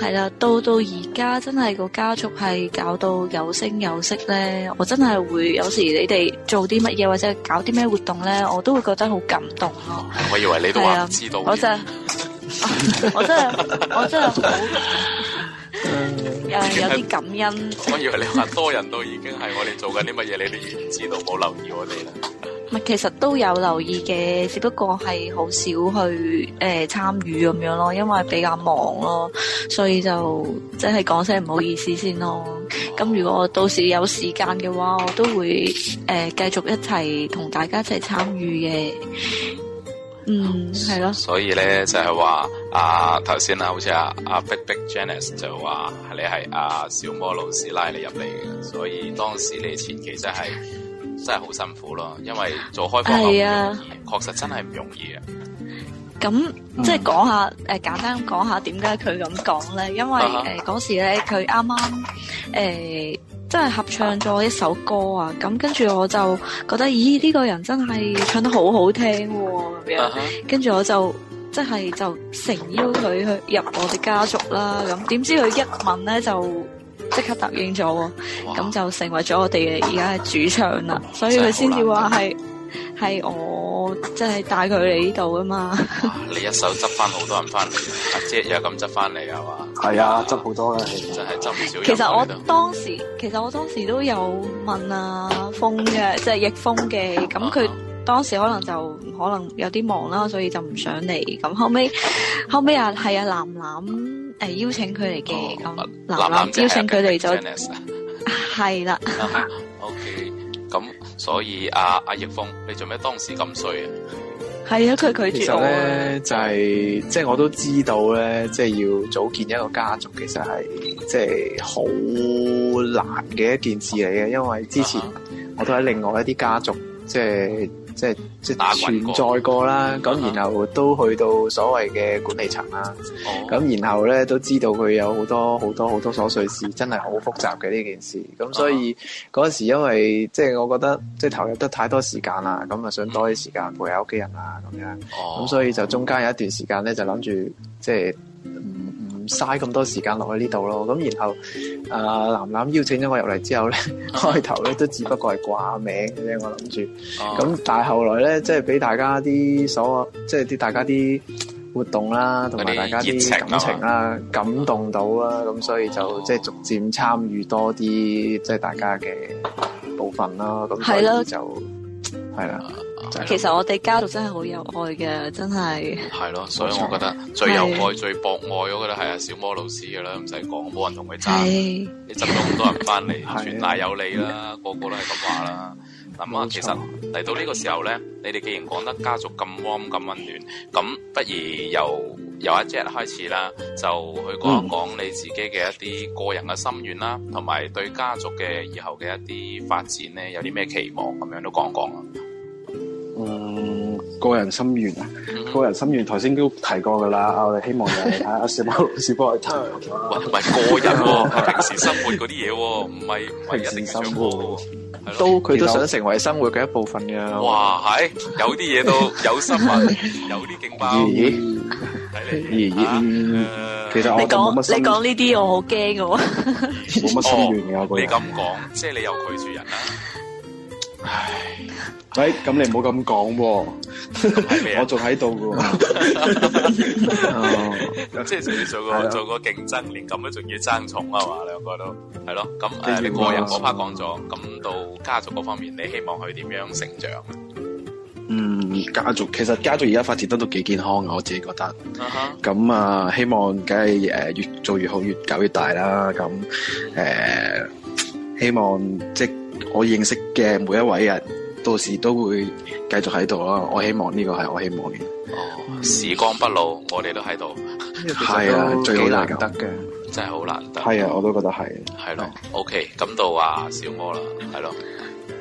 D: 係啦，到到而家真係個家族係搞到有聲有色咧，我真係會有時你哋做啲乜嘢或者搞啲咩活動咧，我都會覺得好感動
B: 咯、啊。我以為你都話知道，的不知道我的 我的，我
D: 真係我真係我真係好。
B: 誒，有啲感恩。 我以為你話多人都已經係我哋做緊啲乜嘢，你哋唔知道，冇留意我哋啦。
D: 係，其實都有留意嘅，只不過係好少去誒參與咁樣咯，因為比較忙咯，所以就即係講聲唔好意思先咯。咁如果我到時有時間嘅話，我都會誒繼、呃、續一齊同大家一齊參與嘅。嗯，係咯、啊。
B: 所以咧就係話，啊，頭先啊，好似啊，阿 Big Big Janice 就話，你係阿、啊、小魔老師拉你入嚟嘅，所以當時你前期真係真係好辛苦咯，因為做開放咁啊，容易，確實真係唔容易啊。
D: 咁即係講下，誒、嗯呃、簡單講下點解佢咁講咧？因為誒嗰、uh -huh. 呃、時咧佢啱啱誒。真係合唱咗一首歌啊！咁跟住我就覺得，咦呢、呢個人真係唱得好好聽喎、啊！咁樣，跟住我就即係就誠邀佢去入我哋家族啦、啊。咁點知佢一問咧就即刻答應咗，咁、uh -huh. 就成為咗我哋嘅而家嘅主唱啦。所以佢先至話係係我，即、就、係、是、帶佢嚟呢度啊嘛！Uh -huh.
B: 你一手執翻好多人翻嚟，阿姐而家咁執翻嚟啊嘛！
C: 係啊，執好多
B: 嘅，就係執少。其實我
D: 當時，其實我當時都有問阿峰嘅，即係易峰嘅，咁佢當時可能就可能有啲忙啦，所以就唔想嚟。咁後尾後尾啊，係啊，藍藍誒邀請佢嚟嘅，咁藍藍邀請佢嚟就係啦。OK，
B: 咁所以阿阿易峰，你做咩當時咁
C: 衰？
D: 係啊，佢拒絕到啊！其實咧，
C: 就係即係我都知道咧，即係要組建一個家族，其實係即係好難嘅一件事嚟嘅，因為之前我都喺另外一啲家族即係，即係即係即係存在過啦，咁然後都去到所謂嘅管理層啦，咁、uh -huh. 然後咧都知道佢有好多好多好多瑣碎事，uh -huh. 真係好複雜嘅呢件事。咁所以嗰、uh -huh. 時因為即係、就是、我覺得即係、就是、投入得太多時間啦，咁啊想多啲時間陪下屋企人啦
E: 咁樣，咁、uh -huh.
C: 所以就中間有一段時間咧就諗住即係。就是嘥咁多時間落去呢度咯，咁然後啊、呃、藍楠邀請咗我入嚟之後咧、啊，開頭咧都只不過係掛名嘅啫，我諗住。咁、啊、但係後來咧，即係俾大家啲所，即係啲大家啲活動啦，同埋大家啲感情啦、啊，感動到啦，咁所以就即係逐漸參與多啲，即係大家嘅部分啦。咁所以就係啦。對。其實
D: 我哋家族真係好有愛嘅，真係。
C: 係咯，所以我覺得最有愛、最博
B: 愛我覺得係阿小魔老師㗎啦，唔使講，冇人同佢爭，你集咗咁多人翻嚟，全大有你啦，個個都係咁話啦。咁啊，其實嚟到呢個時候咧，你哋既然講得家族咁 warm、咁溫暖，咁不如由由一隻開始啦，就去講一講你自己嘅一啲個人嘅心願啦，同、嗯、埋對家族嘅以後嘅一啲發展咧，有啲咩期望咁樣都講講
C: 嗯，個人心願啊，個人心願，頭先都提過噶啦。啊，我哋希望係阿小貓老師幫我聽，同埋個人喎，平時
B: 生活嗰啲嘢，唔係唔係一定想嘅，都佢都想
C: 成為生活嘅一部分嘅。哇，
B: 係有啲嘢都有心，有啲勁爆。咦咦，
C: 其實我講
D: 呢啲，我好驚㗎，冇
C: 乜心願嘅，你咁
B: 講，即係你有拒絕人啦。
C: 哎，喂，咁你唔好咁講喎， 我仲喺度噶。
B: 即係仲要做過做過競爭，連咁都仲要爭重啊嘛？兩個都係咯。咁誒、啊，你個人我怕講咗，咁到家族嗰方面，你希望佢點樣成長？
C: 嗯，家族其實家族而家發展得都幾健康，我自己覺得。咁、uh、啊 -huh. 嗯，希望梗係誒，越做越好，越搞越大啦。咁、嗯、誒、嗯，希望即。我認識嘅每一位人，到時都會繼續喺度咯。我希望呢個係我希望嘅。哦，
B: 時光不老，嗯，我哋都喺度，係啊，最難得嘅，真係好難得。係啊，
C: 我都覺得係。
B: 係咯，OK，咁到話小我啦，係咯。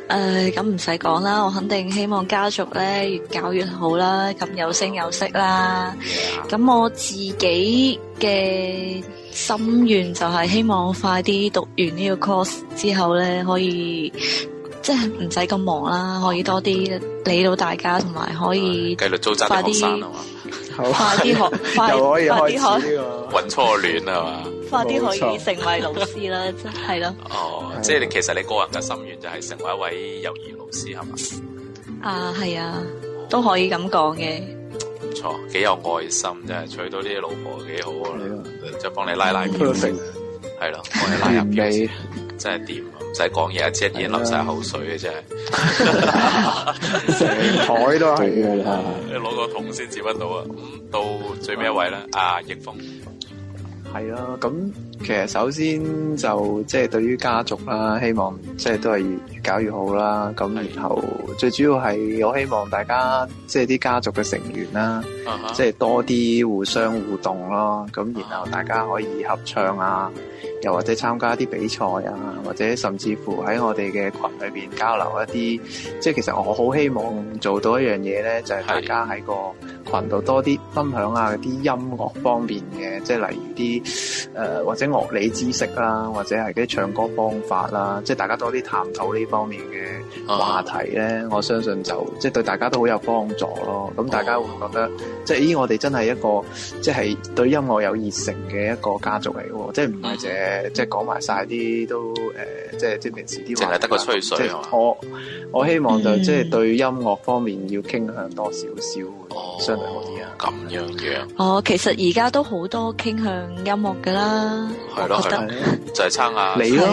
D: 誒、呃，咁唔使講啦，我肯定希望家族咧越搞越好啦，咁有聲有色啦。咁、yeah. 我自己嘅心願就係希望快啲讀完呢個 course 之後咧，可以即係唔使咁忙啦，可以多啲理到大家，同、yeah. 埋可以繼續做真後生啊快啲 學，快 又可以開始
B: 揾初戀 快啲可以成為老師啦，係咯。哦，即係你其實你個人嘅心願就係成為一位幼兒老師，係嘛？
D: 啊，係啊，哦、都可以咁講嘅。
B: 唔錯，幾有愛心，真係娶到呢啲老婆幾好啊！就幫你拉拉票，係、嗯、咯，幫你拉入皮，真係掂，唔使講嘢，說只一見流晒口水嘅真係。
C: 成台 都係嘅，你
B: 攞個桶先接得到，了到最位了了啊！咁到最尾一位咧，阿易峰。
C: 係啦，咁其實首先就即係對於家族啦，希望即係都係越搞越好啦。咁然後最主要係我希望大家即係啲家族嘅成員啦，即係、uh-huh、就是、多啲互相互動咯。咁然後大家可以合唱啊。又或者參加一啲比賽啊，或者甚至乎喺我哋嘅群裏邊交流一啲，即係其實我好希望做到一樣嘢咧，就係、是、大家喺個群度多啲分享一下啲音樂方面嘅，即係例如啲誒、呃、或者樂理知識啦，或者係啲唱歌方法啦，即係大家多啲探討呢方面嘅話題咧，uh -huh. 我相信就即係對大家都好有幫助咯。咁大家會覺得、uh -huh. 即係咦，我哋真係一個即係對音樂有熱誠嘅一個家族嚟喎，即係唔係者誒即係講埋曬啲都誒即係即係平時啲話，淨係得個吹水係嘛、即係？我我希望就即係對音樂方面要傾向多少少。相對可以啊，咁、哦、樣
D: 樣。哦，其實而家都好多傾向音樂噶啦，係、嗯、
C: 咯，就係、是、撐下你咯，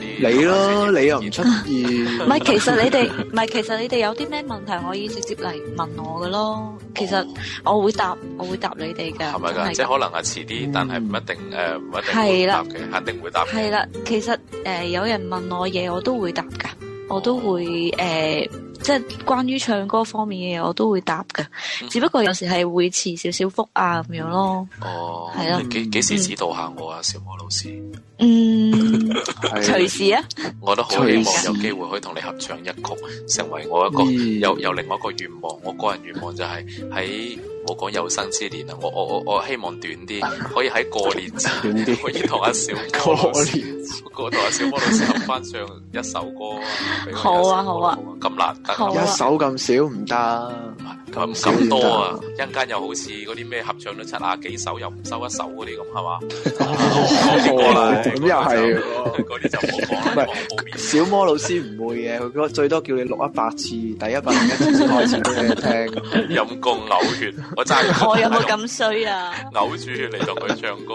C: 你咯，你又唔出現。唔 係， 其實你哋，
D: 唔係，其實你哋有啲咩問題可以直接嚟問我噶咯、哦。其實我會答，我會答你哋噶。係咪噶？即係
C: 可能係遲
B: 啲，但係唔一定誒，唔、呃、一定會答，肯定會答。係
D: 啦，其實誒、呃，有人問我嘢，我都會答噶、哦，我都會誒。呃即係關於唱歌方面嘅嘢，我都會答㗎、嗯。只不過有時係會遲少少覆啊咁、嗯、樣咯。哦，係啦。幾幾時指
B: 導下我啊，嗯、小魔老師？
D: 嗯， 隨時啊。我都好希望有
B: 機會可以同你合唱一曲，成為我一個、嗯、有又另外一個願望。我個人願望就係喺。我講有生之年啊！我我我我希望短啲，可以喺過年，前 可以同阿小哥過同阿小波老師合 過年 翻唱一首歌。
D: 好啊好啊，咁、啊啊、難得、啊啊，一首
C: 咁少唔得。咁咁多啊！一
B: 陣間又好似嗰啲咩合唱都七啊幾首，又唔收一首
C: 嗰啲咁，係嘛？過 啦、啊，咁又係嗰啲就唔好講小魔老師唔會嘅，佢 最多叫你錄一百次，第一百零一次先開始俾你聽。
B: 飲、嗯、 共流血，我真係我有冇
D: 咁衰啊？
B: 嘔住血嚟同佢唱歌，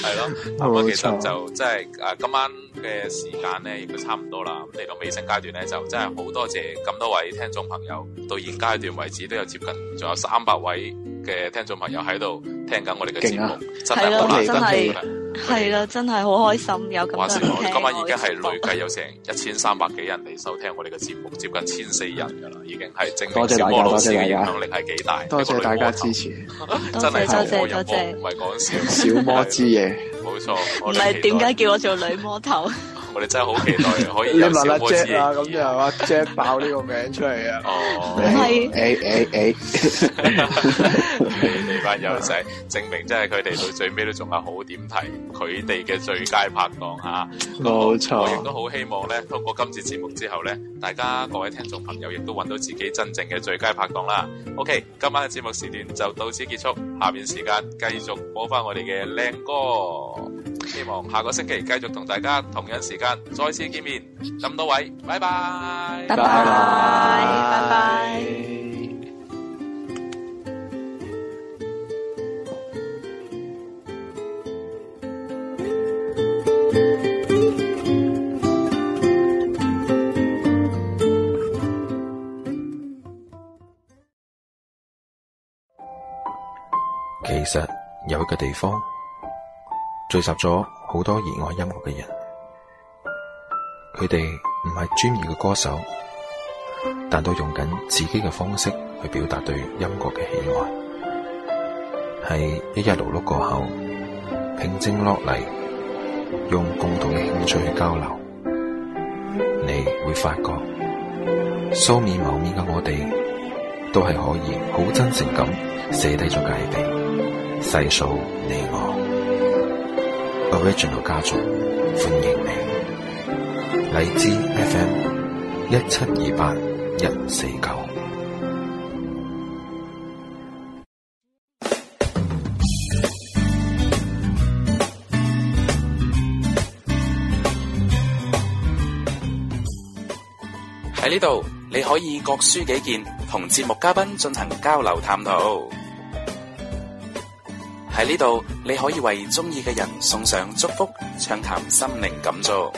B: 係咯。咁啊，其實就即係誒今晚嘅時間咧，亦都差唔多啦。咁嚟到尾聲階段咧、嗯，就真係好多謝咁多位聽眾朋友，到現階段為止都有。接近仲有三百位嘅聽眾朋友喺度聽緊我哋嘅節目，真係
D: 係啦，真係好開心，開心有咁。哇！小魔，今
B: 晚已經係累計有成一千三百幾人嚟收聽我哋嘅節目， 接近千四人噶啦，已經係正。多謝影響力係幾
C: 大，多謝大家支持，多謝多
D: 謝，
B: 唔係講小魔之嘢，冇錯。唔
C: 係點解
D: 叫我做女魔頭？
B: 我哋真係好期待可以有新故事。你問阿 Jack
C: 啊，咁就阿 Jack 爆呢個名出嚟啊！係誒誒誒，
B: 你哋班友仔證明真係佢哋到最尾都仲係好點題，佢哋嘅最佳拍檔啊！
F: 冇錯，我亦都
B: 好希望咧，通過今次節目之後咧，大家各位聽眾朋友亦都揾到自己真正嘅最佳拍檔啦。OK，今晚嘅節目時段就到此結束，下面時間繼續播翻我哋嘅靚歌。希望下個星期繼續同大家同一時間。再次見面，咁多位，拜拜，拜拜，拜拜。
A: 其實有一個地方，聚集咗好多熱愛音樂嘅人。佢哋唔係專業嘅歌手，但都用緊自己嘅方式去表達對音樂嘅喜愛，係一日勞碌過後平靜落嚟，用共同嘅興趣去交流，你會發覺素未謀面嘅我哋都係可以好真誠咁寫低咗戒備，細數你我，Original 家族歡迎你。荔枝 FM 一七二八一四九
B: 喺呢度，你可以各抒己見，同節目嘉賓進行交流探討。喺呢度，你可以為中意嘅人送上祝福，暢談心靈感觸。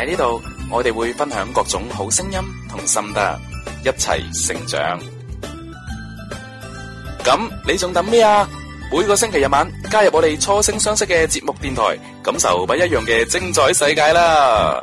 B: 喺呢度，我哋會分享各種好聲音同心得，一齊成長。咁你仲等咩啊？每個星期日晚，加入我哋初聲相識嘅節目電台，感受不一樣嘅精彩世界啦！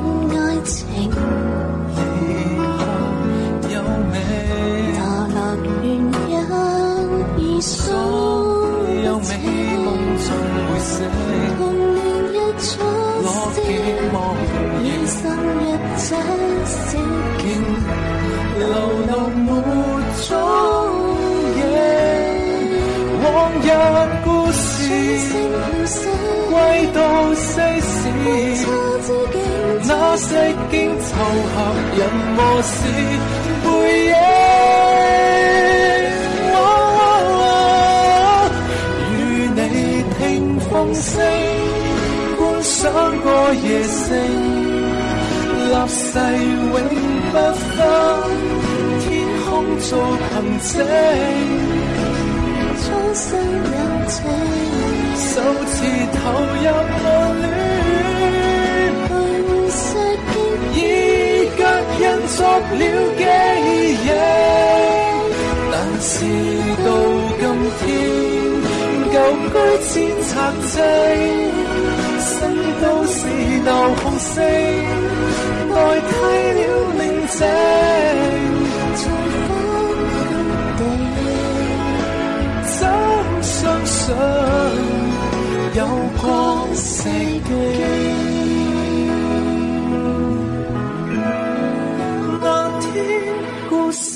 G: 沙石經湊合，人和事背影。與、啊、你聽風聲，觀賞過夜星，立誓永不分。天空做憑證，春生有天，手持投入愛戀。捉了記憶，但是到今天，舊居遷拆淨，新的都市鬧哄聲，代替了寧靜。在分兩地，怎相信有過四季？